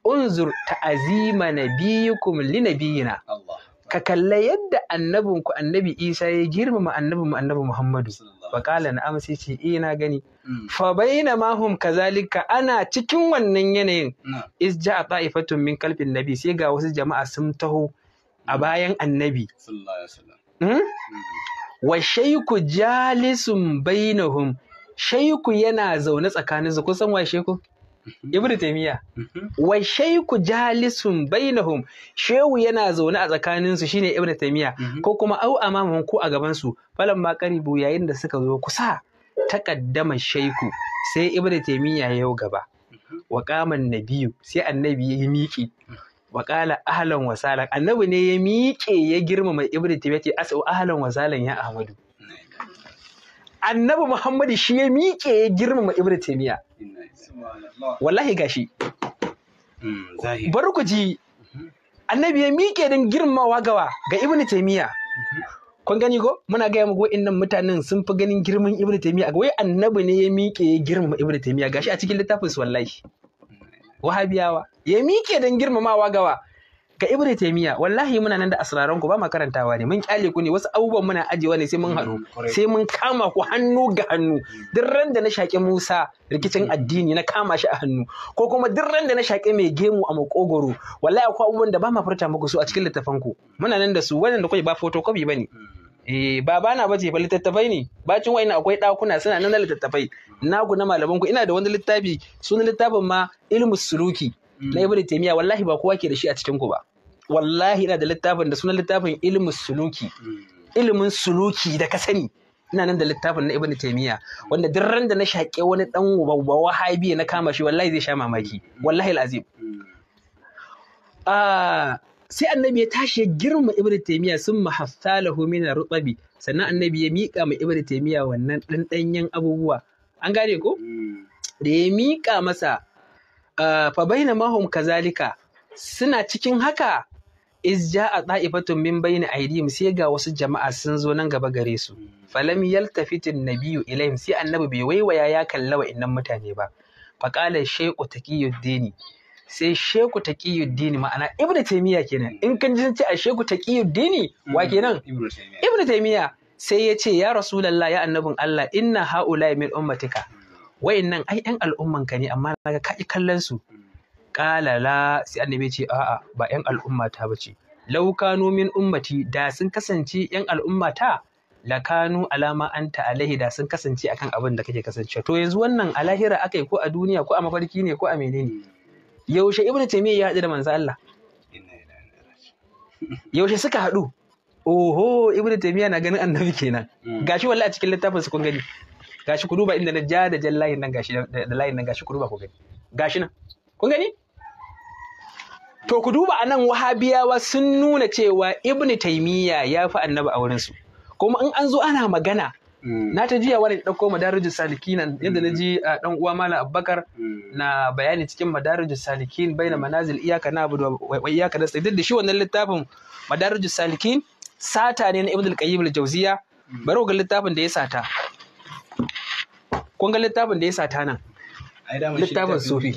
unzur ta'azima nabiyukum li nabiyina ka kalla yadda annabinku annabi Isa ya girmama annabin annabi Muhammadu fa qala na'am sai ce eh na gani mm. fa baina mahum kazalika ana cikin wannan yanayin is ja'a ta'ifatun min kalbin nabi sai ga wasu jama'a sun taho a mm. bayan annabi hmm? mm. wa shayku jalisun bainahum shaiku yana zaune tsakanin su kusan wa waye shaiku mhm. ibnu taymiya mhm. wa shaiku jalisun bainahum shehu yana zaune a tsakanin su shine ibn taymiya mhm. ko kuma au amamahum ko a gaban su falan ma qaribu yayin da suka zo kusa taqaddama shaiku sai ibn taymiya ya yau gaba wa qaman nabiyyu sai annabi ya miƙe wa qala ahlan wa salan annabi ne ya miƙe ya girmama ibn taymiya ce asu ahlan wa salan ya ahmadu annabi Muhammadu shi ya miƙe ya girmama Ibn Taymiya wallahi gashi hmm, bari ku ji annabi ya miƙe don girmamawa gawa ga Ibn Taymiya mhm. kun gani ko muna gaya muku wa'annan mutanen sun fi ganin girman Ibn Taymiya wai annabi ne ya miƙe ya girmama Ibn Taymiya gashi a cikin littafin su wallahi wahabiyawa ya miƙe don girmamawa gawa ga ibnu taimiya wallahi muna nan da asraran ku ba ma karantawa ne mun kyale ku ne wasu abubuwan muna ajewa ne sai mun haɗu mm, sai mun kama ku hannu ga hannu duk ran da na shaƙi Musa rikicin mm. addini na kama shi a hannu ko kuma duk ran da na shaƙi mai gemu a makogoro wallahi akwai abubuwan da ba ma furta muku su a cikin littafan ku muna nan da su wannan da kuke ba photocopy bane mm. eh ba bana bace ba littattafai ne bacin waina akwai ɗakuna suna nan na littattafai na na malaman ku ina da wani littafi sunan littafin ma ilmu suluki na ibnu taymiya wallahi ba kowa ke da shi a cikin ku ba wallahi ina da littafin da sunan littafin ilimin suluki ilimin suluki da ka sani ina nan da littafin na ibnu taymiya wanda duk ran da na shaƙe wani dan uba wahabi na kama shi wallahi zai sha mamaki wallahi alazim ah, sai annabi ya tashi ya girma ibnu taymiya sun mahassalahu min rutabi sannan annabi ya miƙa ma ibnu taymiya wannan ɗanɗanyen abubuwa an gane ko mm. da ya miƙa masa Eh, fa bayna mahum kazalika suna cikin haka iz ja'a ɗa'ifatun min bayna aydihim sai ga wasu jama'a sun zo nan gaba gare su falam yaltafitin nabiyu ilaihim sai annabi bai waiwaya ya kalla wa'annan mutane ba qala sheku taqiyuddin sai sheku taqiyuddin ma'ana ibnu taymiya kenan in kan jin ce a sheku taqiyuddin wa mm, kenan ibnu taymiya sai ya ce ya rasulullahi ya annabin Allah inna haula min ummatika mm. wayannan ai yan al'umman ka ne amma naga ka kallon su qala la sai annabi ce a'a ba yan al'umma ta bace law kanu min ummati da sun kasance yan al'umma ta lakanu alama anta alaihi da sun kasance akan abin da kake kasance. to yanzu wannan a lahira akai ko a duniya ko a mafarki ne ko a menene yaushe ibnu taymiya ya haɗu da manzo Allah yaushe suka haɗu oho ibnu taymiya na ganin annabi kenan mm. gashi wallahi a cikin littafin su kun gani gashi ku duba inda na ja da jan layin nan gashi da layin nan gashi ku duba ku gani gashi nan kun gani to ku duba anan wahabiyawa sun nuna cewa ibn taymiya ya fi annabi a wurin su. kuma in an zo ana magana mm. na ta jiya wani ɗauko madarajin salikin yadda na mm. ji dan uwa malam abubakar mm. na bayani cikin madarajin salikin bai na manazil iyaka na abu da iyaka da duk da shi wannan littafin madarajin salikin sata ne na ibn al-qayyim al-jawziya bari ga littafin da ya sata kun ga littafin da ya sata nan littafin sufi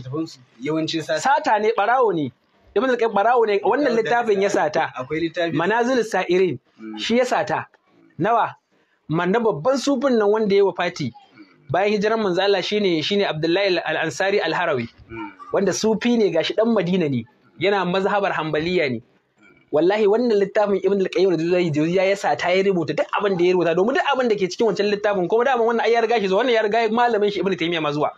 sata ne barawo ne ibn al-qayyim barawo ne wannan littafin ya sata manazil sa'irin hmm. shi ya sata nawa manna babban sufin nan wanda ya wafati hmm. bayan hijiran manzo Allah shine shine Abdullahi al-Ansari al-Harawi hmm. wanda sufi ne gashi dan Madina ne yana mazhabar Hanbaliya ne wallahi wannan littafin ibn al-qayyim al-jawziyya ya yasa ta yi rubuta duk abin da ya rubuta domin duk abin da ke cikin wancan littafin kuma da wannan ai ya riga shi zuwa wannan ya riga malamin shi ibn taymiya ma zuwa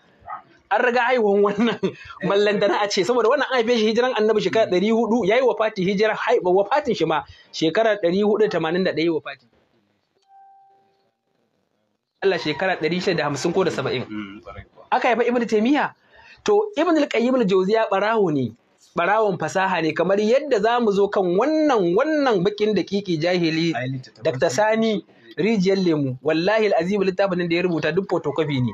an riga haihuwan wannan mallantana a ce saboda wannan an haife shi hijiran annabi shekara 400 yayi wafati hijira wafatin shi ma shekara 481 wafati Allah shekara 650 ko da 70 mm, aka haifa ibn taymiya to ibn al-qayyim al jawziya barawo ne barawon fasaha ne kamar yadda za mu zo kan wannan wannan bakin dakiki jahili Dr. Sani rijiyar lemu wallahi azibu littafin da ya rubuta duk photocopy ne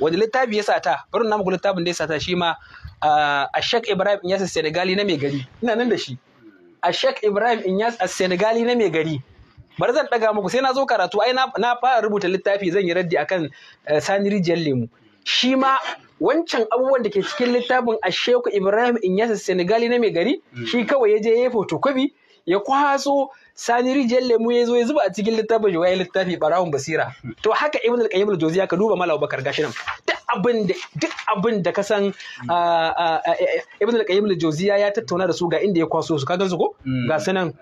wanda littafi ya sata barin namu littafin da ya sata shi ma a Sheikh Ibrahim Inyas Senegali na mai gari ina nan da shi a Sheikh Ibrahim Inyas Senegali na mai gari bari zan daga muku sai na zo karatu ai na fara rubuta littafi zan yi raddi akan eh, Sani rijiyar lemu shi ma wancan abubuwan da ke cikin littafin a Asheku Ibrahim Inyasa Senegali na mai gari mm. shi kawai ya je ya yi fotokobi ya kwaso sani rijiyar lemu ya zo ya zuba a cikin littafin shi wayan littafi barawun basira mm. to haka ibn al-qayyim al ka duba malau bakar gashi nan duk abin da duk abin da ka san mm. ibn al-qayyim al ya tattauna da su ga inda ya kwaso su ka gan su ko ga sanan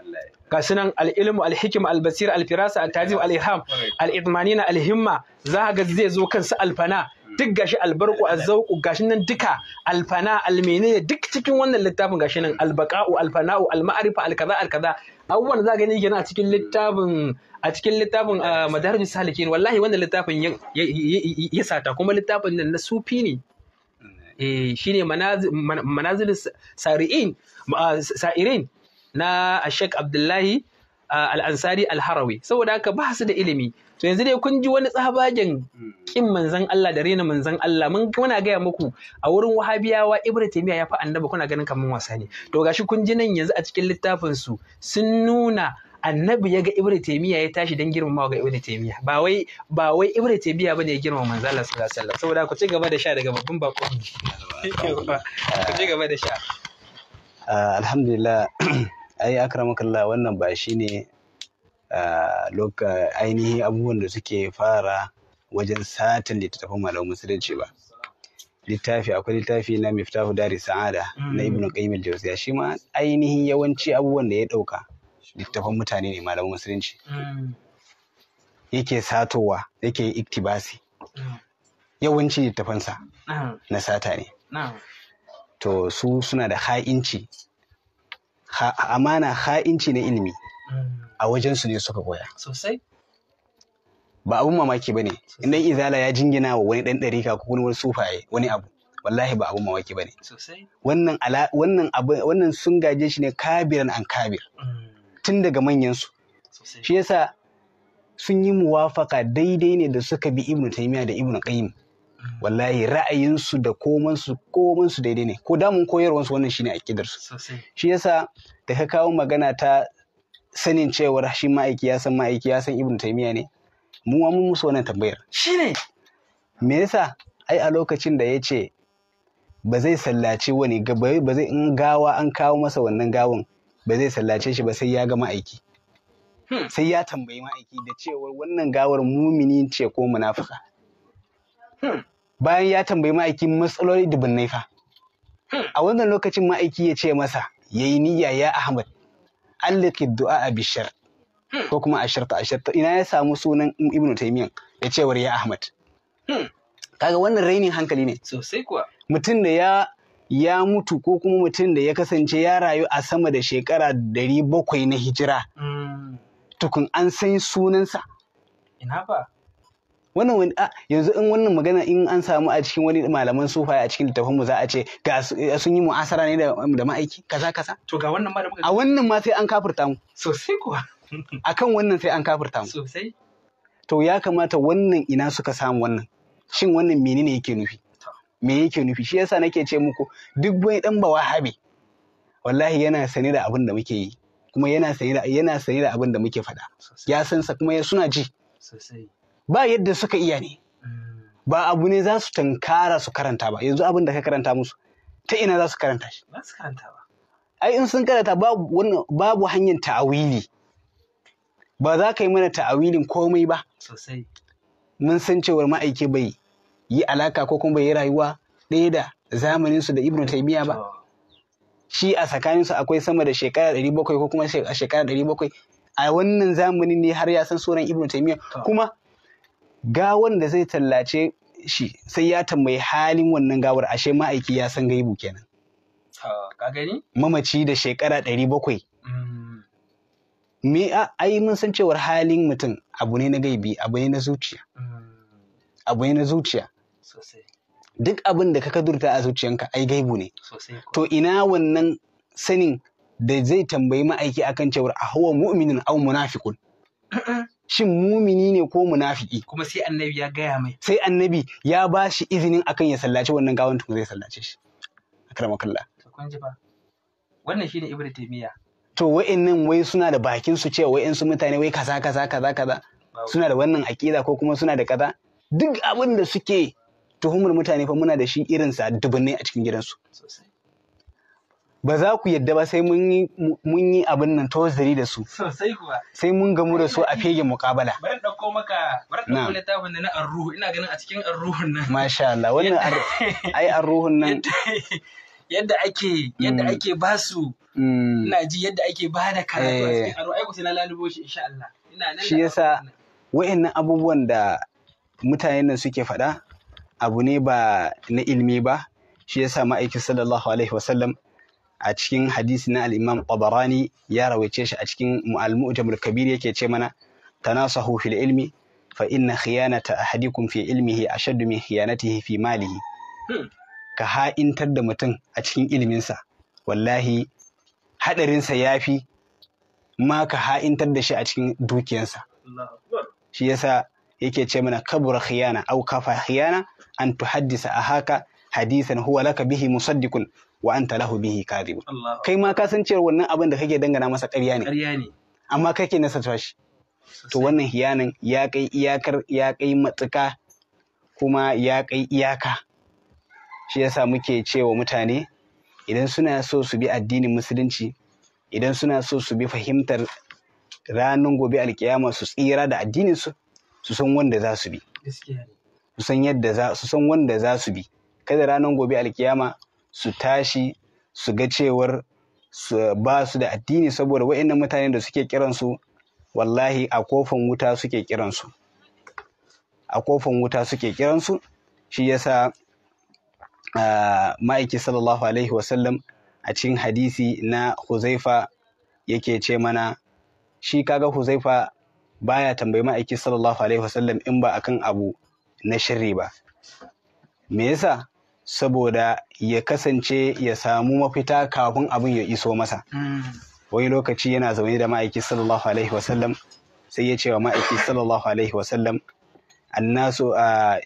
ga sunan al-ilmu al-hikma al-basir al-firasa al al al-idmanina al-himma za ga zai zo kansu alfana duk gashi albarku azzauku gashi nan duka alfana almenene duk cikin wannan littafin gashi nan albaqa'u alfana'u alma'rifa alkaza alkaza abubuwan za gani a cikin littafin a cikin littafin ah, madarijus salikin wallahi wannan littafin ya sata kuma littafin nan na sufi ne eh, shine manazil ah, sa'irin na Sheikh Abdullahi ah, Al-Ansari Al-Harawi saboda haka ba su da ilimi to yanzu dai kun ji wani tsabagen kin hmm. manzan Allah da rena manzan Allah mun muna gaya muku a wurin wahabiyawa Ibn Taymiyyah ya fa annabi kuna ganin kaman wasa ne to gashi kun ji nan yanzu a cikin littafin su sun nuna annabi ya ga Ibn Taymiyyah ya tashi don girmamawa ga Ibn Taymiyyah ba wai ba wai Ibn Taymiyyah bane ya girmama manzan Allah sallallahu alaihi wasallam saboda ku ci gaba da sha daga babban bako ku ci gaba da sha ah, alhamdulillah ai akramakallah wannan ba shine ainihin abubuwan da suke fara wajen satin littattafan malamin musulunci ba littafi akwai littafi na miftahu dari sa'ada na mm. ibnu qayyim al-jawziya shi ma ainihin yawanci abubuwan da ya dauka littafan mutane ne malamin musulunci mm. yake satowa yake iktibasi mm. yawanci littafansa na sata ne to su suna da ha'inci amana ha'inci na ilimi a wajen su ne suka koya sosai ba abun mamaki ba ne idan izala ya jingina wa wani dan ɗarika ko wani sufaye wani abu wallahi ba abun mamaki ba ne wannan wannan wannan sun gaje shi ne kabiran an kabir mm. tun daga manyan su shi yasa sun yi muwafaka daidai ne da suka bi ibnu taymiya da ibnu qayyim mm. wallahi ra'ayinsu da komansu komansu daidai ne ko damun koyarwansu wannan shine aqidar su shi yasa da ka kawo magana ta sanin cewar shi ma'aiki ya san ma'aiki ya san ibn taimiya ne mu wa mun musu wannan tambayar shine me yasa ai a lokacin da ya ce ba zai sallace wani ba zai in gawa an kawo masa wannan gawon ba zai sallace shi ba sai ya ga ma'aiki hmm. sai ya tambayi ma'aiki da cewar wannan gawar mumini ce ko munafuka hmm. bayan ya tambayi ma'aiki matsaloli dubunnai fa hmm. a wannan lokacin ma'aiki ya ce masa yayi niyya ya Ahmad alliki du'a a bishar hmm. ko kuma a shirta, a shirta. ina ya samu sunan Ibn taymiyan Ya cewar ya ahmad hmm. kaga wannan rainin hankali ne sosai kuwa mutum da ya mutu ko kuma mutum da ya kasance ya rayu a sama da shekara dari bakwai na hijira hmm. tukun an san sunansa ina ba wannan wani a yanzu in wannan magana in an samu a cikin wani malaman sufaye a cikin littafin mu za a ce ga eh, sun yi mu'asara ne da ma'aiki kaza kaza to ga wannan ma da muka a wannan ma sai an kafirta mu sosai kuwa akan wannan sai an kafirta mu sosai to ya kamata wannan ina suka samu wannan shin wannan menene yake nufi me yake nufi shi yasa nake ce muku duk wani dan ba wahabi wallahi yana sane da abin da muke yi kuma yana sane da yana sani da abin da muke faɗa ya san sa kuma suna ji sosai ba yadda suka iya ne ba abu ne za su tankara su karanta ba yanzu abin da ka karanta musu ta ina za su karanta shi ba su karanta ba ai in sun karanta babu hanyar ta'awili ba za ka yi mana ta'awilin komai ba sosai mun san cewar ma'aiki bai yi alaka ko kuma bai yi rayuwa ɗaya da zamanin su da ibnu taymiya ba shi a tsakanin su akwai sama da shekara 700 ko kuma a shekara 700? a wannan zamanin ne har ya san sauran ibnu taymiya kuma gawan da zai tallace shi sai ya tambayi halin wannan gawar ashe ma'aiki ya san gaibu kenan ka gani mamaci da shekara ɗari bakwai mm. me ai mun san cewar halin mutum abu ne na gaibi abu ne na zuciya mm. abu ne na zuciya duk abin da ka kadurta a zuciyanka ai gaibu ne to ina wannan sanin da zai tambayi ma'aiki akan cewar a hawa mu'minin au munafiqun shin mumini ne ko munafiki kuma sai annabi ya gaya mai sai annabi ya ba shi izinin akan ya sallace wannan gawan tun zai sallace shi akramakallah to kun ji ba wannan shine ibnu taymiya to wa'annan wai suna da bakin su cewa wa'ansu mutane wai kaza kaza kaza kaza suna da wannan aƙida ko kuma suna da kaza duk abin da suke tuhumar mutane fa muna da shi irinsa dubunnai a cikin gidansu sosai ba za ku yadda ba sai mun yi abin nan tozari da su. Sosai kuwa. Sai mun gamu da su a fege muƙabala. Bari ɗauko maka, bari ɗauko littafin da na arruhu, ina ganin a cikin arruhun nan. Masha Allah, wannan ai arruhun nan. Yadda ake, yadda mm. ake ba su, mm. ina ji yadda ake ba da karatu a eh. cikin arruhu, ai ku sai na lalubo shi insha Allah. Shi yasa wa'annan abubuwan da mutanen nan suke faɗa abu ne ba na ilmi ba, shi yasa ma'aikin sallallahu alaihi wasallam a cikin hadisi na alimam Tabarani ya rawaice shi a cikin al kabir yake ce mana tanasahu fil ilmi fa inna khiyanata ahadikum fi ilmihi ashaddu min khiyanatihi fi malihi hmm. ka ha'intar da mutum a cikin iliminsa wallahi hadarinsa yafi ma ka ha'intar da shi a cikin dukiyarsa shi yasa yake ce mana kabura khiyana au kafa khiyana an tuhaddisa ahaka hadisan huwa laka bihi musaddiqun wa anta lahu bihi kadhib kai ma ka san cewa wannan abin da kake dangana masa ƙarya ne ƙarya ne amma kake nasarta shi to wannan hiyanin ya kai iyakar ya kai matsika kuma ya kai iyaka shi yasa muke cewa mutane idan suna so su bi addinin musulunci idan suna so su bi fahimtar ranar gobe alkiyama su tsira da addinin su su san wanda za su bi su san yadda za su san wanda za su bi kada ranar gobe alkiyama su tashi su ga cewar ba su da addini saboda wa'annan mutane da suke kiransu wallahi a kofin wuta suke kiransu a kofin wuta suke kiransu shi yasa ma'aiki sallallahu alaihi wasallam a cikin hadisi na huzaifa yake ce mana shi kaga huzaifa baya tambayi ma'aiki sallallahu alaihi wasallam in ba kan abu na shirri ba me yasa saboda ya kasance ya samu mafita kafin abin ya iso masa hmm. wani lokaci yana zaune da ma'aiki sallallahu alaihi wasallam sai ya ce wa ma'aiki sallallahu alaihi wasallam annasu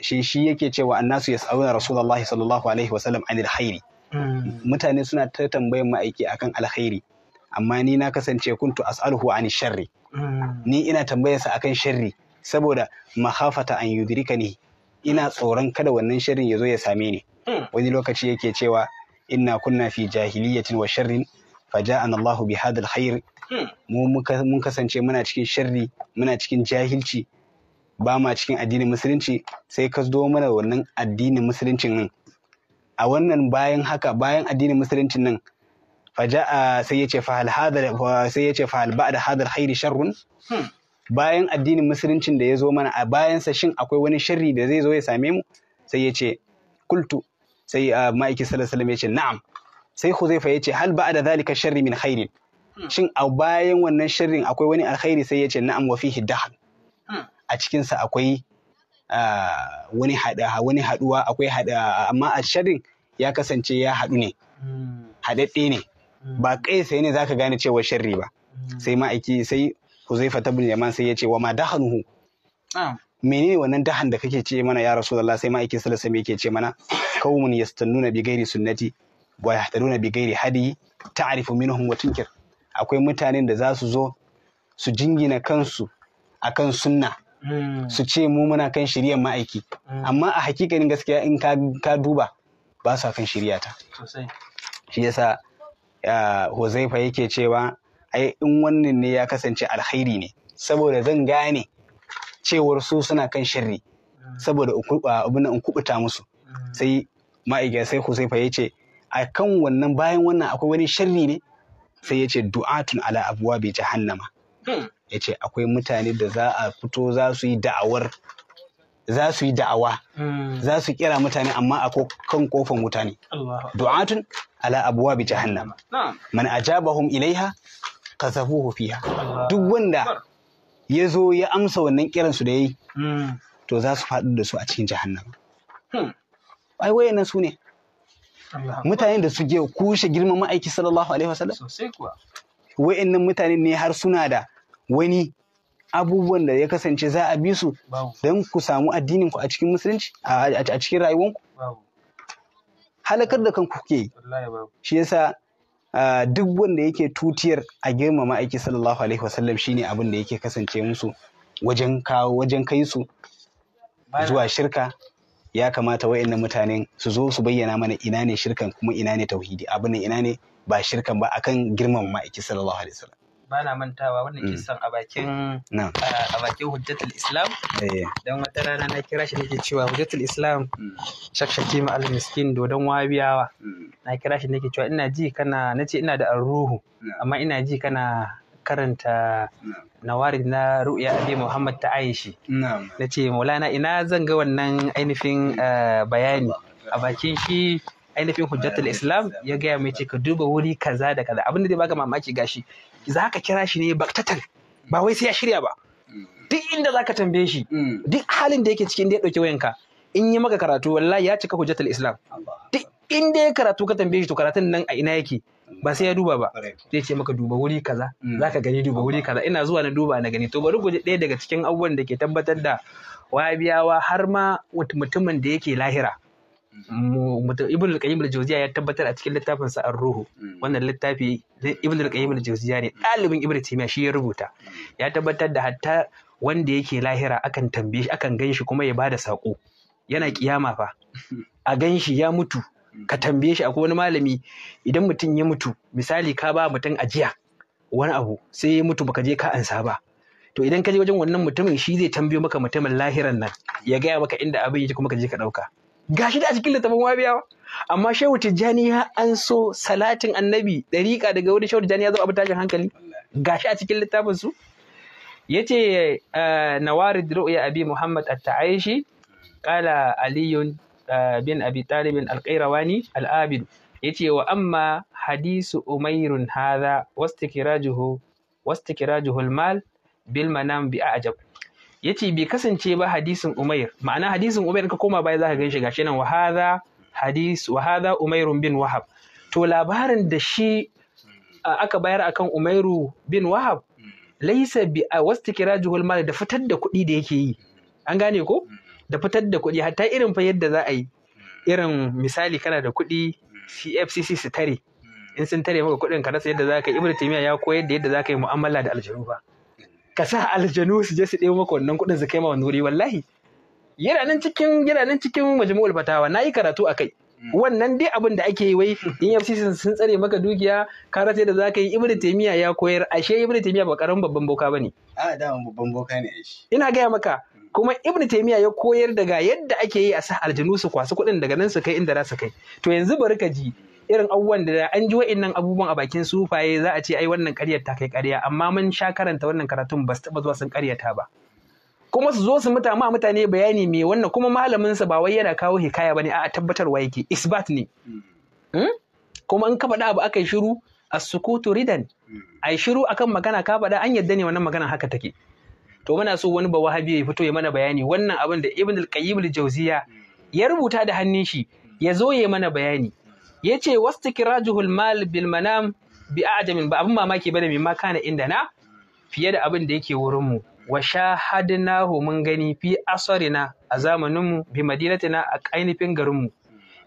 shi shi yake cewa annasu ya sa'una rasulullahi sallallahu alaihi wasallam an khairi hmm. mutane suna ta tambayan ma'aiki akan alkhairi amma ni na kasance kuntu as'aluhu an sharri hmm. ni ina tambayarsa akan sharri saboda mahafata an yudrika ni ina tsoron kada wannan sharrin ya zo ya same ni Hmm. wani lokaci yake cewa inna kunna fi jahiliyatin wa sharrin ja'ana Allahu bi hadal khair hmm. mu mun kasance muna cikin sharri muna cikin jahilci ba ma cikin addinin musulunci sai ka zo mana wannan addinin musuluncin nan a wannan bayan haka bayan addinin musuluncin nan faja'a sai yace fa hal hadal sai yace fa hal ba'da hadal khair sharrun hmm. bayan addinin musuluncin da ya zo mana a bayansa shin akwai wani sharri da zai zo ya same mu sai yace kultu sai a ah, ma'aiki salasalam ya ce na'am sai huzaifa ya ce hal da zalika sharri min khairin hmm. shin a bayan wannan sharrin akwai wani alkhairi sai ya ce na'am wa fihi dahal hmm. a cikinsa akwai ah, wani haɗuwa wani haduwa akwai hada amma a sharrin ya kasance ya haɗu ne hmm. hadadde ne ba kai sai ne zaka gane cewa sharri ba sai ma'aiki sai huzaifa tabul yaman sai ya ce wa ma dahanuhu menene wannan dahan da kake ce mana ya rasu Allah sai ma'aikin sallallahu alaihi yake ce mana qaumun yastannuna bi gairi sunnati wa yahtaduna bi gairi hadi ta'rifu minhum wa tunkir akwai mutanen da za su zo su jingina kansu a kan sunna hmm. su ce mu muna kan shiriyar ma'aiki hmm. amma a hakikanin gaskiya in ka duba ba sa kan shirya ta shi yasa hozaifa yake cewa ai in wannan ne ya kasance alkhairi ne saboda zan gane cewar su suna kan shirri hmm. saboda abin in kubuta ah, musu hmm. sai ma'aikata sai Huzaifa ya ce a kan wannan bayan wannan akwai wani shirri ne sai ya ce du'atun ala abuwa bai jahannama hmm. ya ce akwai mutane da za a fito za su yi da'awar za su yi da'awa za su kira mutane amma a kan kofan wuta du'atun ala abuwa bi jahannama man ajabahum ilaiha kasafuhu fiha duk wanda ya zo ya amsa wannan kiransu da ya yi hmm. to za su faɗi da su a cikin jahannama hmm. ai nan su ne mutanen da suke kushe girman ma'aiki sallallahu alaihi wasallam wayannan mutane ne har suna da wani abubuwan da ya kasance za a bi su don ku samu addinin ku a cikin musulunci a cikin rayuwanku halakar da kanku ke shi yasa duk wanda yake tutiyar a girmama aiki sallallahu alaihi wasallam shine abin da yake kasance musu wajen kawo wajen kai su zuwa shirka ya kamata wayannan mutane su zo su bayyana mana ina ne shirkan kuma ina ne tauhidi abin ina ne ba shirkan ba akan girmama aiki sallallahu alaihi wasallam bana mantawa wannan kisan mm. a bakin mm. a bakin hujjatul islam eh. dan wata rana na kira shi nake cewa hujjatul islam mm. shakshaki ma al-miskin dodon wabiyawa na kira shi nake cewa ina ji kana nace ina da arruhu amma ina ji kana karanta nawari na ru'ya abi muhammad ta aishi nace ce maulana ina zan ga wannan ainihin eh, bayani a bakin shi ainihin hujjatul islam ya gaya mai ce ka duba wuri kaza da kaza abin da zai baka mamaki gashi za ka kira shi ne baktatan ba wai sai ya shirya ba mm. duk inda za ka tambaye shi mm. duk halin da yake ciki da ya ɗauki wayanka in yi maka karatu wallahi ya cika hujjatul islam duk inda ya karatu ka tambaye shi to karatun nan a ina yake ba sai ya duba ba zai ce maka duba wuri kaza mm. Za ka gani duba wuri kaza ina zuwa na duba na gani to bari guje ɗaya daga cikin abubuwan da ke tabbatar da wabiyawa har ma mutumin da yake lahira Mm-hmm. ibn al-qayyim al-jawziya ya tabbatar a cikin littafin sa ar-ruhu mm-hmm. wannan littafi ibn al-qayyim al-jawziya ne dalibin ibn Taymiyyah shi ya rubuta mm-hmm. ya tabbatar da hatta wanda yake lahira akan tambaye shi akan ganshi kuma ya bada sako yana kiyama fa a ganshi ya mutu ka tambaye shi akwai wani malami idan mutum ya mutu misali ka ba mutum ajiya wani abu sai ya mutu baka je ka ansa ba to idan ka je wajen wannan mutumin shi zai tambayo maka mutumin lahiran nan ya gaya maka inda abin yake kuma ka je ka ɗauka gashi da a cikin littafin wabiyawa amma shehu tijjani ya an so salatin annabi dariƙa daga wani shehu tijjani ya zo abu tashin hankali gashi a cikin littafin su yace eh, nawarid ru'ya abi muhammad at-ta'aishi qala aliyun eh, bin abi talib al-qayrawani al-abid yace wa amma hadisu umairun hadha wastikirajuhu wastikirajuhu al-mal bil manam bi a'jab ya ce bai kasance ba hadisin umair ma'ana hadisin umair ka koma baya za ka gan shi gashi nan wahada hadis umairun bin wahab to labarin da shi aka bayar akan umairu bin wahab laisa bi a wasu juhul mali da fitar da kuɗi da yake yi an gane ko da fitar da kuɗi hatta irin fa yadda za a yi irin misali kana da kuɗi CFCC su tare in sun tare maka kuɗin ka rasa yadda za ka yi ibnu taymiya ya koyar da yadda za ka yi mu'amala da aljanu ba ka sa aljanu su je su ɗebo maka wannan kuɗin su kai ma wani wallahi yana nan cikin yana nan cikin majmu'ul fatawa yi karatu a kai. Mm. wannan dai abin da ake yi wai in yafi sun tsare maka dukiya ka rasa da zaka yi Ibn Taymiya ya koyar ashe Ibn Taymiya ba karamin babban boka bane a da babban boka ne shi ina gaya maka mm. kuma Ibn Taymiya ya koyar daga yadda ake yi a sa aljanu su kwasu kuɗin daga nan su kai inda za su kai to yanzu bari ka ji irin abubuwan da an ji wa'innan abubuwan a bakin sufaye za a ce ai wannan karyar ta kai karya amma mun sha karanta wannan karatun ba su taɓa zuwa sun ƙaryata ba kuma su zo su muta ma mutane bayani me wannan kuma malamin sa ba wai yana kawo hikaya bane a'a tabbatarwa yake isbat ne hmm. Hmm? kuma in ka faɗa abu aka yi shiru a sukutu ridan hmm. ai shiru akan magana ka faɗa an yadda ne wannan magana haka take to muna so wani ba wahabi ya fito ya mana bayani wannan abin da ibn al-qayyim al-jawziya ya rubuta da hannun shi ya zo ya mana bayani yace wastikrajul mal bil manam bi a'jamin ba abin mamaki bane mai na inda na fiye da abin da yake wurin mu wa shahadnahu mun gani fi asarina a zamanin mu bi madinatina a ainihin garin mu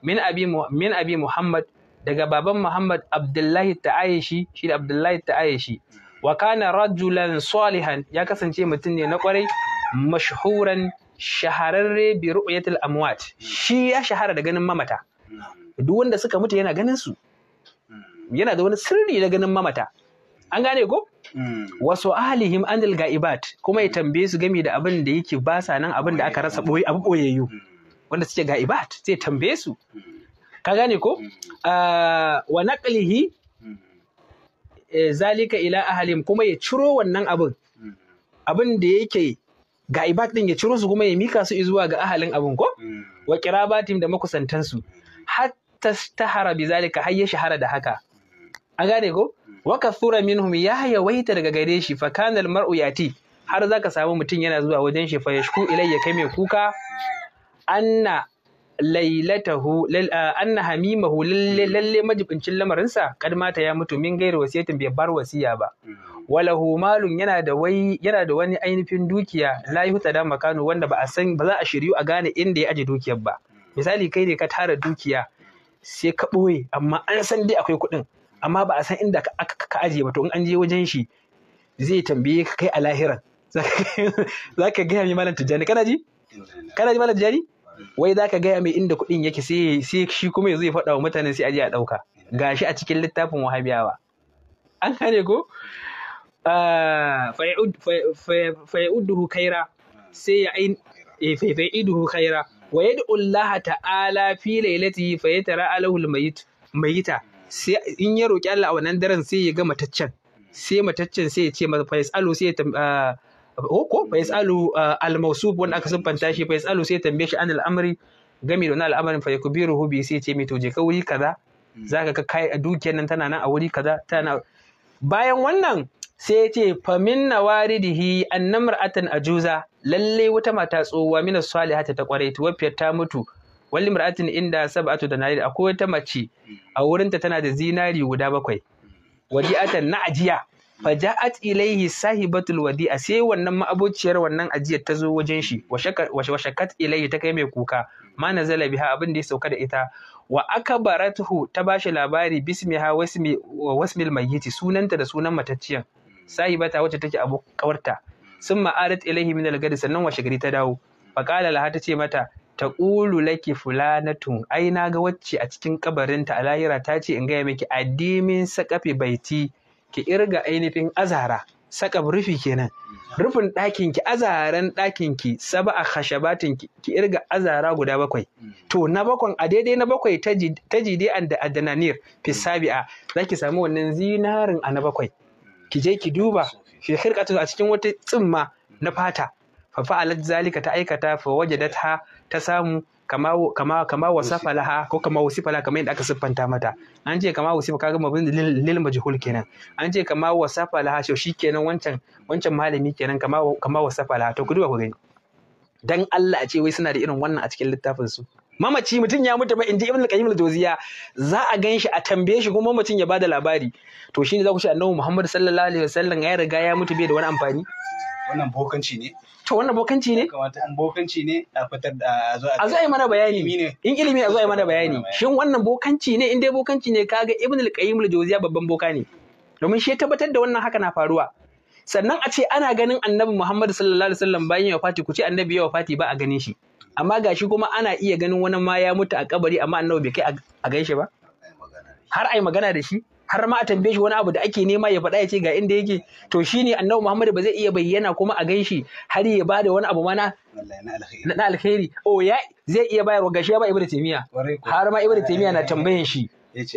min abi min abi muhammad daga baban muhammad abdullahi ta'ayishi shi da abdullahi ta'ayishi wa kana rajulan salihan ya kasance mutum ne na kwarai mashhuran shahararre bi ru'yatil amwat shi ya shahara da ganin mamata duk wanda suka mutu yana ganin su yana da wani sirri na ganin mamata an gane ko hmm. wasu ahlihim anil ga'ibat kuma ya tambaye su game da abin da yake ba sa nan abin da aka rasa boye abu boyayyu hmm. wanda suke ga'ibat sai tambaye su hmm. ka gane ko ah, wa naqlihi eh, zalika ila ahalim kuma ya ciro wannan abin abin da yake ga ibad din ya ciro su kuma ya mika su zuwa ga ahalin abin ko wa kirabatim da makusantansu tashtahara bi zalika har ya shahara da haka An gane ko wa kathura minhum ya yawaita daga gare shi fa kanal mar'u yati har zaka samu mutum yana zuwa wajen shi fa yashku ilayya kai mai kuka anna lailatahu anna hamimahu lalle majibincin lamarinsa kad mata ya mutu min gairi wasiyatin bai bar wasiya ba walahu malun yana da wai yana da wani ainihin dukiya la yuta da makano wanda ba a san ba za a shiryu a gane inda ya aje dukiyar ba misali kai ne ka tara dukiya sai ka ɓoye amma an san dai akwai kuɗin amma ba a san inda ka ajiye ba to in an je wajen shi zai tambaye ka kai a lahiran za ka gaya mai malam tijjani kana ji kana ji malam tijjani wai za ka gaya mai inda kuɗin yake sai shi kuma zai faɗa wa mutane sai aje a ɗauka gashi a cikin littafin wahabiyawa an hane ko ah, fa'iduhu kaira sai ya ainihin eh, fa'iduhu kaira wa yad'u Allah ta'ala fi lailatihi fa yatara alahul mayit mayita sai in ya roki Allah a wannan daren sai ya ga mataccen sai mataccen sai ya ce masa fa yasalu sai ya ah, oh, ko fa yasalu ah, al-mawsuf wanda aka siffanta shi fa yasalu sai ya tambaye shi an al'amari game da wannan al'amarin fa yakubiru bi sai ya ce mai to je ka wuri kaza hmm. zaka ka kai dukiyar nan tana nan a wuri kaza tana bayan wannan sai ya ce famin na waridihi mar'atan a ajuza lalle wata mata tsohuwa mina salihata ta kwarai tuwafiyar ta mutu wali mar'atin inda sab'atu da nadir akwai wata mace a wurinta tana da zinari guda bakwai wadi'atan na ajiya faja'at ilaihi sahibatul wadi'a sai wannan ma'abociyar wannan ajiyar ta zo wajen shi wa shakat ilaihi ta kai mai kuka ma nazala biha abin da ya sauka da ita wa aka akabaratuhu ta bashi labari bismiha wasmi wasmil mayyiti sunanta da sunan matacciyan hmm. bata wacce take abu kawarta hmm. sun ma'arat ilaihi min al-gadi sannan washe gari ta dawo hmm. qala laha tace mata taqulu laki fulanatun ai ga wacce a cikin kabarinta a lahira ta ce in gaya miki addimin sakafi baiti ki irga ainifin azara sakab rufi kenan rufin ɗakin ki azaren ɗakin ki saba a khashabatin ki ki irga azara guda bakwai to na bakwai a daidai na bakwai ta jide an da adananir fi sabi'a ki samu wannan zinarin a na bakwai ki je ki duba fi hirqatu a cikin wata tsimma na fata fa fa'alat zalika ta aikata fa wajadatha ta samu kama kama kama wasafa laha ko kama wasifa laha kamar yadda aka siffanta mata an ce kama wasifa kaga mabin lil majhul kenan an ce kama wasafa laha shi kenan wancan wancan malami kenan kama kama wasafa laha to ku duba ku gani dan Allah a ce wai suna da irin wannan a cikin littafin su mamaci mutum ya mutu ba inji ibn al-qayyim al-jawziya za a gan shi a tambaye shi kuma mamacin ya bada labari to shine za ku ce annabi Muhammad sallallahu alaihi wasallam ya riga ya mutu bai da wani amfani wannan bokanci ne to wannan bokanci ne bokanci ne a fitar da a zo yi mana bayani in ilimi a zo yi mana bayani shin wannan bokanci ne in dai bokanci ne kaga ibn al-qayyim al-jawziya babban boka ne domin shi ya tabbatar da wannan haka na faruwa sannan a ce ana ganin annabi Muhammad sallallahu alaihi wasallam bayan ya wafati ku ce annabi ya wafati ba a ganin shi amma gashi kuma ana iya ganin wani ma ya mutu a kabari amma annabi bai kai a ganin shi ba har ai magana da shi har ma a tambaye shi wani abu da ake nema ya faɗa ya ce ga inda yake to shine annabi Muhammad ba zai iya bayyana kuma a ganshi har ya bada wani abu mana na alkhairi o oh, ya zai iya bayarwa gashi ya ba ibnu Taymiya har ma ibnu Taymiya na tambayan shi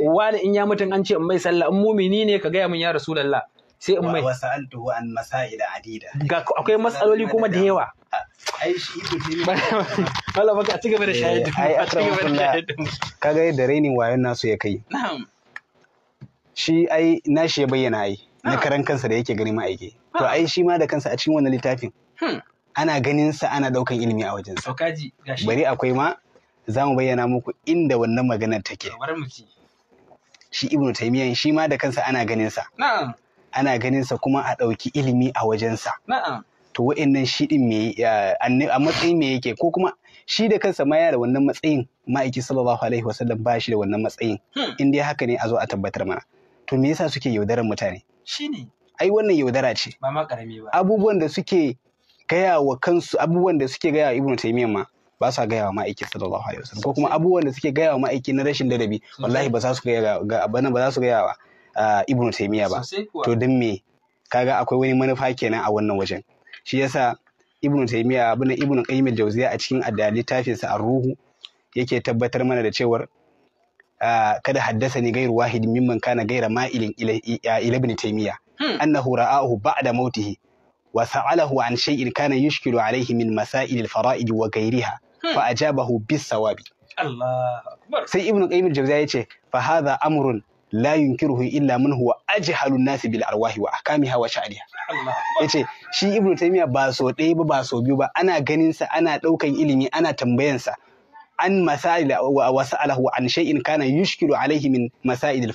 wani in ya mutun an ce in mai sallah in mumini ne ka gaya min ya rasulullah sai in mai wasa'altuhu an masaila adida ga akwai matsaloli kuma da yawa ai shi Allah baka a cigaba da eh, shahidu da Ka kaga yadda raining wayon nasu ya kai na'am shi ai na shi ya bayyana ai na ah. karan kansa da yake gani ma'aike to ah. ai shi ma da kansa a cikin wannan littafin hmm. ana ganin sa ana daukan ilimi a wajensa bari akwai ma za mu bayyana muku inda wannan maganar take shi Ibn taymiyyah shi ma da kansa ana ganin sa ana ganin sa kuma a dauki ilimi a wajensa na'am to wa'annan shi din me a matsayin me yake ko kuma shi da kansa ma yana da wannan matsayin ma'aiki sallallahu alaihi wasallam ba shi da wannan matsayin hmm. in dai haka ne a zo a tabbatar mana to me yasa suke yaudarar mutane shine ai wannan yaudara ce ba ma karami ba abubuwan da suke gaya wa kansu abubuwan da suke gaya wa ibnu taymiyyah ma ba sa gaya wa ma'aiki sallallahu alaihi wasallam ko kuma abubuwan da suke gaya wa ma'aikin na rashin ladabi wallahi ba za su gaya ga abana ba za su gaya wa ah, ibnu taymiyyah ba to dan me kaga akwai wani manufa kenan a wannan wajen shi yasa ibnu taymiyyah abin ibnu qayyim al jawziyya a cikin addali tafin sa ar-ruhu yake tabbatar mana da cewar kada haddasa ni gairu wahid mimman kana gaira ma'ilin ila ibn taymiya annahu ra'ahu ba'da mautihi wa sa'alahu an shay'in kana yushkilu alayhi min masail al-fara'id wa gairiha fa ajabahu bis sawabi sai ibn qayyim al-jawziya yace fa hadha amrun la yunkiruhu illa man huwa ajhalu nasi bil arwahi wa ahkamiha wa sha'riha yace shi ibn taymiya ba so ɗaya ba ba so biyu ba ana ganin sa ana ɗaukan ilimi ana tambayan sa an masail wa wasalahu an shay'in kana yushkilu alaihi min masail al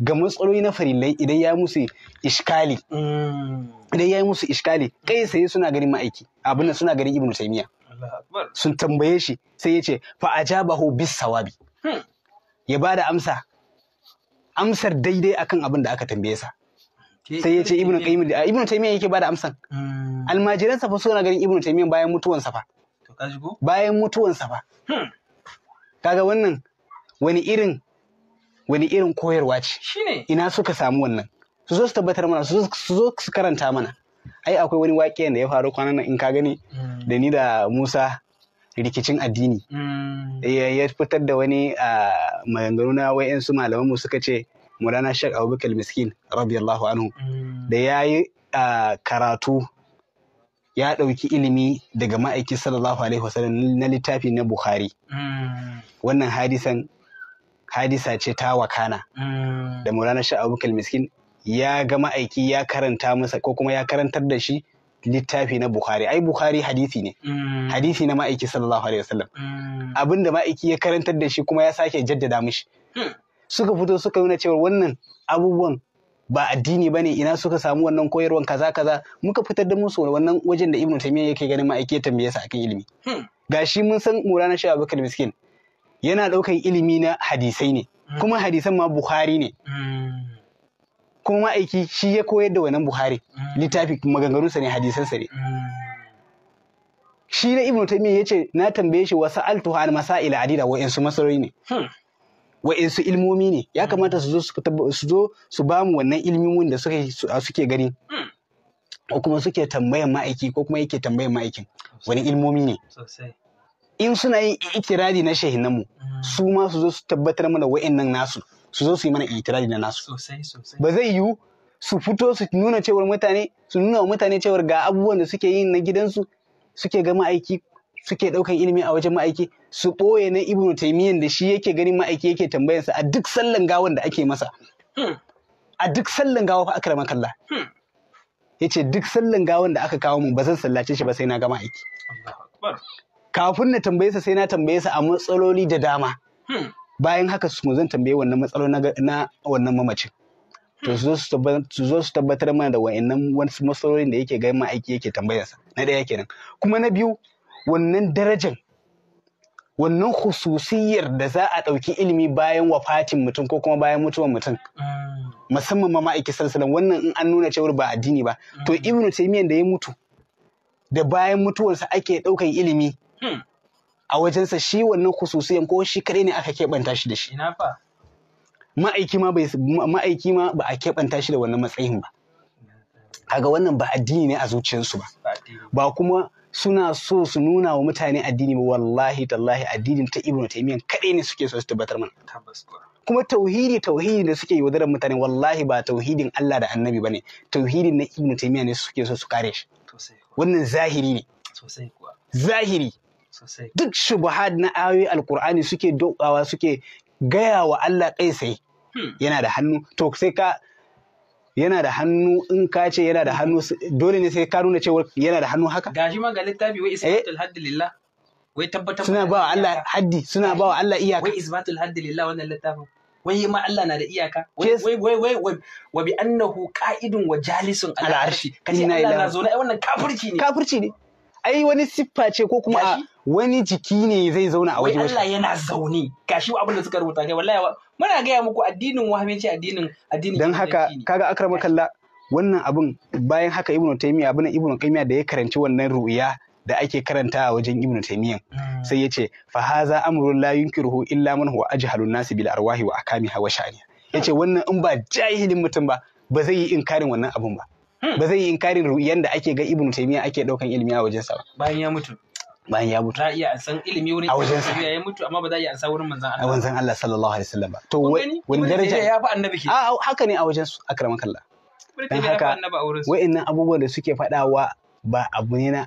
ga matsaloli na farillai idan ya musu iskali idan ya musu iskali kai sai suna ganin ma'aiki abin suna ganin ibnu taymiya sun tambaye shi sai ya ce fa ajabahu bis sawabi ya bada amsa amsar daidai akan abin da aka tambaye sa sai ya ce ibnu qayyim ibnu taymiya yake bada amsan almajiransa fa suna ganin ibnu taymiya bayan mutuwansa fa bayan mutuwansa ba hmm. kaga wannan wani irin wani irin koyarwa ce ina suka samu wannan su zo su tabbatar mana su zo su karanta mana ai akwai wani waƙe da ya faru kwanan nan in ka gani hmm. da ni da Musa rikicin addini hmm. ya fitar da wani maganganu na wayansu malaman mu suka ce Mulana Sheikh Abubakar Miskin radiyallahu anhu da yayi karatu ya ɗauki ilimi daga ma'aikin sallallahu alaihi wasallam na littafi na bukhari hmm. wannan hadisan hadisa ce ta wakana hmm. da maulana sha abubakar miskin ya ga ma'aiki ya karanta masa ko kuma ya karantar da shi littafi na bukhari ai bukhari hadisi ne hmm. hadisi na ma'aiki sallallahu alaihi wasallam abinda ma'aiki ya karantar da shi kuma ya sake jaddada mishi suka fito suka nuna cewa wannan abubuwan ba addini bane ina suka samu wannan koyarwan kaza kaza muka fitar da musu wannan wajen da Ibn Taymiyyah yake ganin ake tambaye sa akan ilimi hmm. gashi mun san Maulana Shaykh Abubakar Miskin yana ɗaukan ilimi na hadisai ne hmm. kuma hadisan ma Bukhari ne hmm. kuma ma'aiki shi ya koyar da wannan Buhari littafi maganganunsa ne hadisansa ne. Shi na Ibn Taymiyyah ya ce na tambaye shi wasu altuha masail adida wa'insu masarori ne. wa'insu ilmomi ne ya kamata su zo su zo su ba mu wannan ilmomin da suke suke gani hmm. ko kuma suke tambayan ma'aiki ko kuma yake tambayan ma'aikin wani ilmomi ne in suna yin itirari na mu, hmm. su ma su zo su tabbatar mana wa'annan nasu su zo su yi mana itirari na nasu ba zai yiwu su fito su nuna cewar mutane su nuna wa mutane cewar ga abubuwan da suke yin na gidansu suke ga ma'aiki suke ɗaukan ilimi a wajen ma'aiki su ɓoye na ibnu taimiyan da shi yake ganin ma'aiki yake tambayansa a duk sallan gawan da ake masa hmm. a duk sallan gawa aka rama kalla? Hmm. ya ce duk sallan gawan da aka kawo mun ba zan sallace shi ba sai na gama aiki kafin na tambaye sa sai na tambaye sa a matsaloli da dama hmm. bayan haka su zan tambaye wannan matsalo na wannan mamacin to su zo su tabbatar mana da wa'annan wasu matsalolin da yake ga ma'aiki yake tambayarsa na ɗaya kenan kuma na biyu wannan darajan, wannan hususiyar da za a ɗauki ilimi bayan wafatin mutum ko kuma bayan mutuwan mutum mm. musamman ma ma'aiki salsalan wannan in an nuna cewar ba addini ba to mm. ibnu taymiyyah da ya mutu da bayan mutuwarsa ake ɗaukan ilimi hmm. a wajensa shi wannan hususiyan ko shi kaɗai ne aka keɓanta shi da shi ma'aiki ma ma'aiki ma ba a keɓanta shi da wannan matsayin ba kaga wannan ba addini ne a zuciyarsu ba ba kuma suna so su nuna wa mutane addini wallahi tallahi addinin ta ibnu taymiyyah kadai ne suke so su tabbatar mana kuma tauhidi tauhidi da suke yaudarar mutane wallahi ba tauhidin Allah da Annabi bane tauhidin na ibnu taymiyyah ne suke so su kare shi wannan zahiri ne zahiri duk shubuhat na ayoyi alkur'ani suke dokawa suke gaya wa Allah kai sai hmm. yana da hannu to sai ka yana da hannu in ka ce yana da hannu dole ne sai ka nuna cewa yana da hannu haka gashi ma ga littafi wai eh? isbatul haddi lillah wai tabbatar suna ba Allah haddi suna ba Allah iyaka wai isbatul haddi lillah wannan littafin wai ma Allah na da iyaka wai wai wai wai wa bi annahu qa'idun wa jalisun ala arshi kace Allah na zo na wannan kafirci ne kafirci ne ai wani siffa ce ko kuma wani jiki ne zai zauna a waje Allah yana zaune shi abin da suka rubuta kai wallahi muna gaya muku addinin wahabiyanci addinin addinin dan haka kaga akrama kalla wannan abin bayan haka ibn taymiya abin Ibn qaymiya da ya karanci wannan ru'ya da ake karanta a wajen Ibn taymiya hmm. sai ya ce fa haza amrun la yunkiruhu illa man huwa ajhalun nasi bil arwahi wa akamiha wa sha'ani yace wannan in ba jahilin mutum ba ba zai yi inkarin wannan abun ba hmm. ba zai yi inkarin ru'yan da ake ga Ibn taymiya ake daukan ilimi a wajensa ba bayan ya mutu bayan ya mutu ta iya an san ilimi wurin a wajen sa ya mutu amma ba za a iya an sa wurin manzon Allah wajen Allah sallallahu alaihi wasallam to wani daraja ya fi annabi ke a haka ne a wajen su akraman kallah dan haka wa'annan abubuwan da suke fadawa ba abu ne na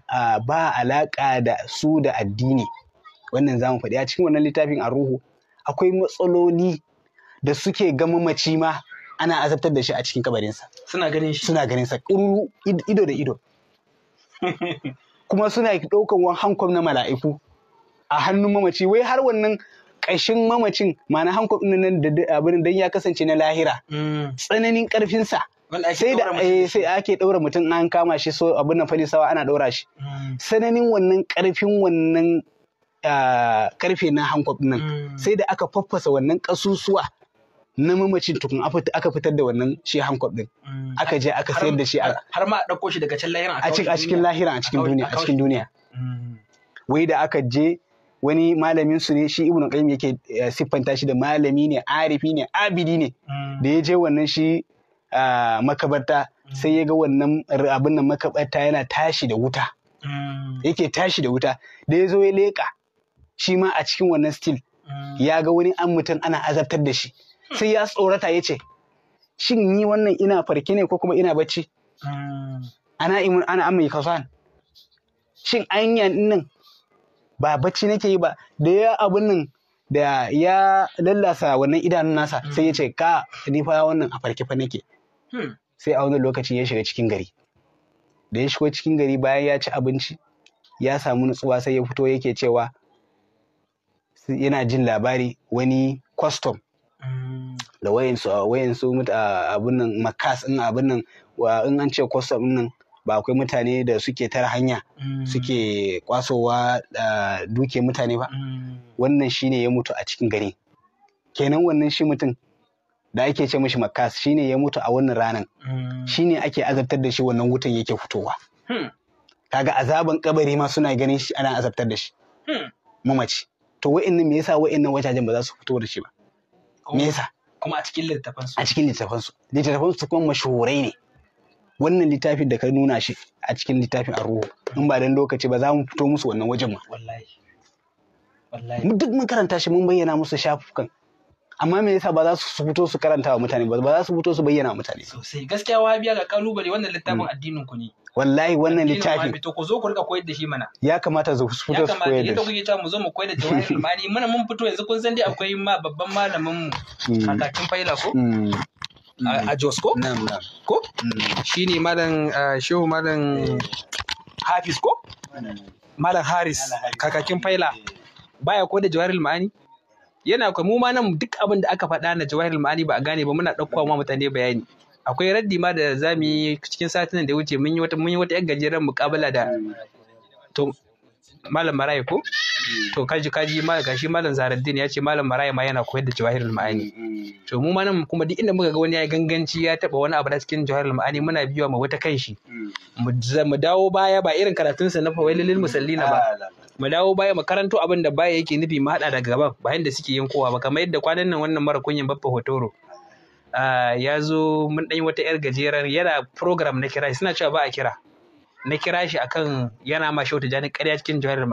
ba alaka da su da addini wannan zamu faɗi a cikin wannan littafin a ruhu akwai matsaloli da suke ga mamaci ma ana azabtar da shi a cikin kabarinsa suna ganin shi suna ganin sa ido da ido kuma suna ɗaukan wani hankom na mala'iku a hannun mamaci wai har wannan ƙashin mamacin ma'ana hankom ɗin nan da abin dan ya kasance na lahira mm. tsananin ƙarfinsa sai da eh, sai ake ɗaura mutum an kama shi so abin nan falisawa ana ɗaura shi mm. tsananin wannan ƙarfin wannan ah, ƙarfe na hankwab nan mm. sai da aka faffasa wannan ƙasusuwa. na mamacin tukun aka fitar da wannan shi hankwab din mm. aka je aka sayar da shi har ma dauko shi daga can lahiran a cikin lahira a cikin duniya a cikin duniya mm. wai da aka je wani malamin su ne shi ibnu qayyim yake eh, siffanta shi da malami ne arifi ne abidi ne mm. da ya je wannan shi ah, makabarta sai ya ga wannan abin nan makabarta yana tashi da wuta yake tashi da wuta da ya zo ya leƙa shi ma a cikin wannan stil ya ga wani an mutum ana azabtar da shi sai ya tsorata ya ce shin ni wannan ina farke ne ko kuma ina bacci hmm. ana imun ana amma kasan shin anya nan ba bacci nake yi ba da ya abun da ya lallasa wannan idanun nasa sai ya ce hmm. ka ni fa wannan a farke fa nake hmm. sai a wani lokaci ya shiga cikin gari da ya shigo cikin gari bayan ya ci abinci ya samu nutsuwa sai ya fito yake cewa yana jin labari wani kwastom da wayansu wayansu abin nan makas in abin nan in an ce custom nan ba akwai mutane da suke tara hanya mm. suke kwasowa duke mutane ba mm. wannan shine ya mutu a cikin gari kenan wannan shi mutum da ake ce mishi makas shine ya mutu a wannan ranan mm. shine ake azabtar da shi wannan wutan yake fitowa hmm. kaga azaban kabari ma suna ganin shi ana azabtar da shi hmm. mamaci to wa'annan me yasa wa'annan wajajen ba za su fito da shi ba me yasa kuma a cikin littafansu a cikin littafansu littafansu kuma mashahurai ne wannan littafin da ka nuna shi a cikin littafin a ruhu in ba dan lokaci ba za mu fito musu wannan wajen ma wallahi wallahi duk mun karanta shi mun bayyana musu shafukan amma me yasa ba za su fito su karanta wa mutane ba Ba za su fito su bayyana wa mutane sosai gaskiya wahabiya ga kalubale wannan littafin hmm. addinin ku ne wallahi wannan littafin to ku zo ku rika koyar da shi mana ya kamata su fito su koyar da shi ya kamata ta mu zo mu koyar da jawahirul ma'ani mana mun fito yanzu kun san dai akwai ma babban malamin mu hmm. kakakin faila ko hmm. a Jos ko ko ne malam shehu malam Hafiz ko malam Haris kakakin faila baya ko da jawarin ma'ani yana kuma mu ma nan duk abin da aka faɗa na jawahirul ma'ani ba a gane ba muna ɗaukowa ma mutane bayani akwai raddi ma da za mu yi cikin satin da ya wuce mun yi wata mun yi wata yan gajeren muƙabala da to malam maraye ko to kaji kaji ma gashi malam zaruddin ya ce malam maraye ma yana koyar da jawahirul ma'ani to mu ma nan kuma duk inda muka ga wani ya ganganci ya taba wani abu da cikin jawahirul ma'ani muna biyo ma wata kanshi mu dawo baya ba irin karatun sa na fawailil musallina ba mu dawo baya mu karanto abin da baya yake nufi mu haɗa daga gaban, bayan da suke yankowa ba kamar yadda kwanan nan wannan mara kunyan baffa hotoro ya zo mun ɗan wata yar gajeren yana program na kira suna cewa ba a kira na kira shi akan yana ma shautu jani ƙarya cikin jawahar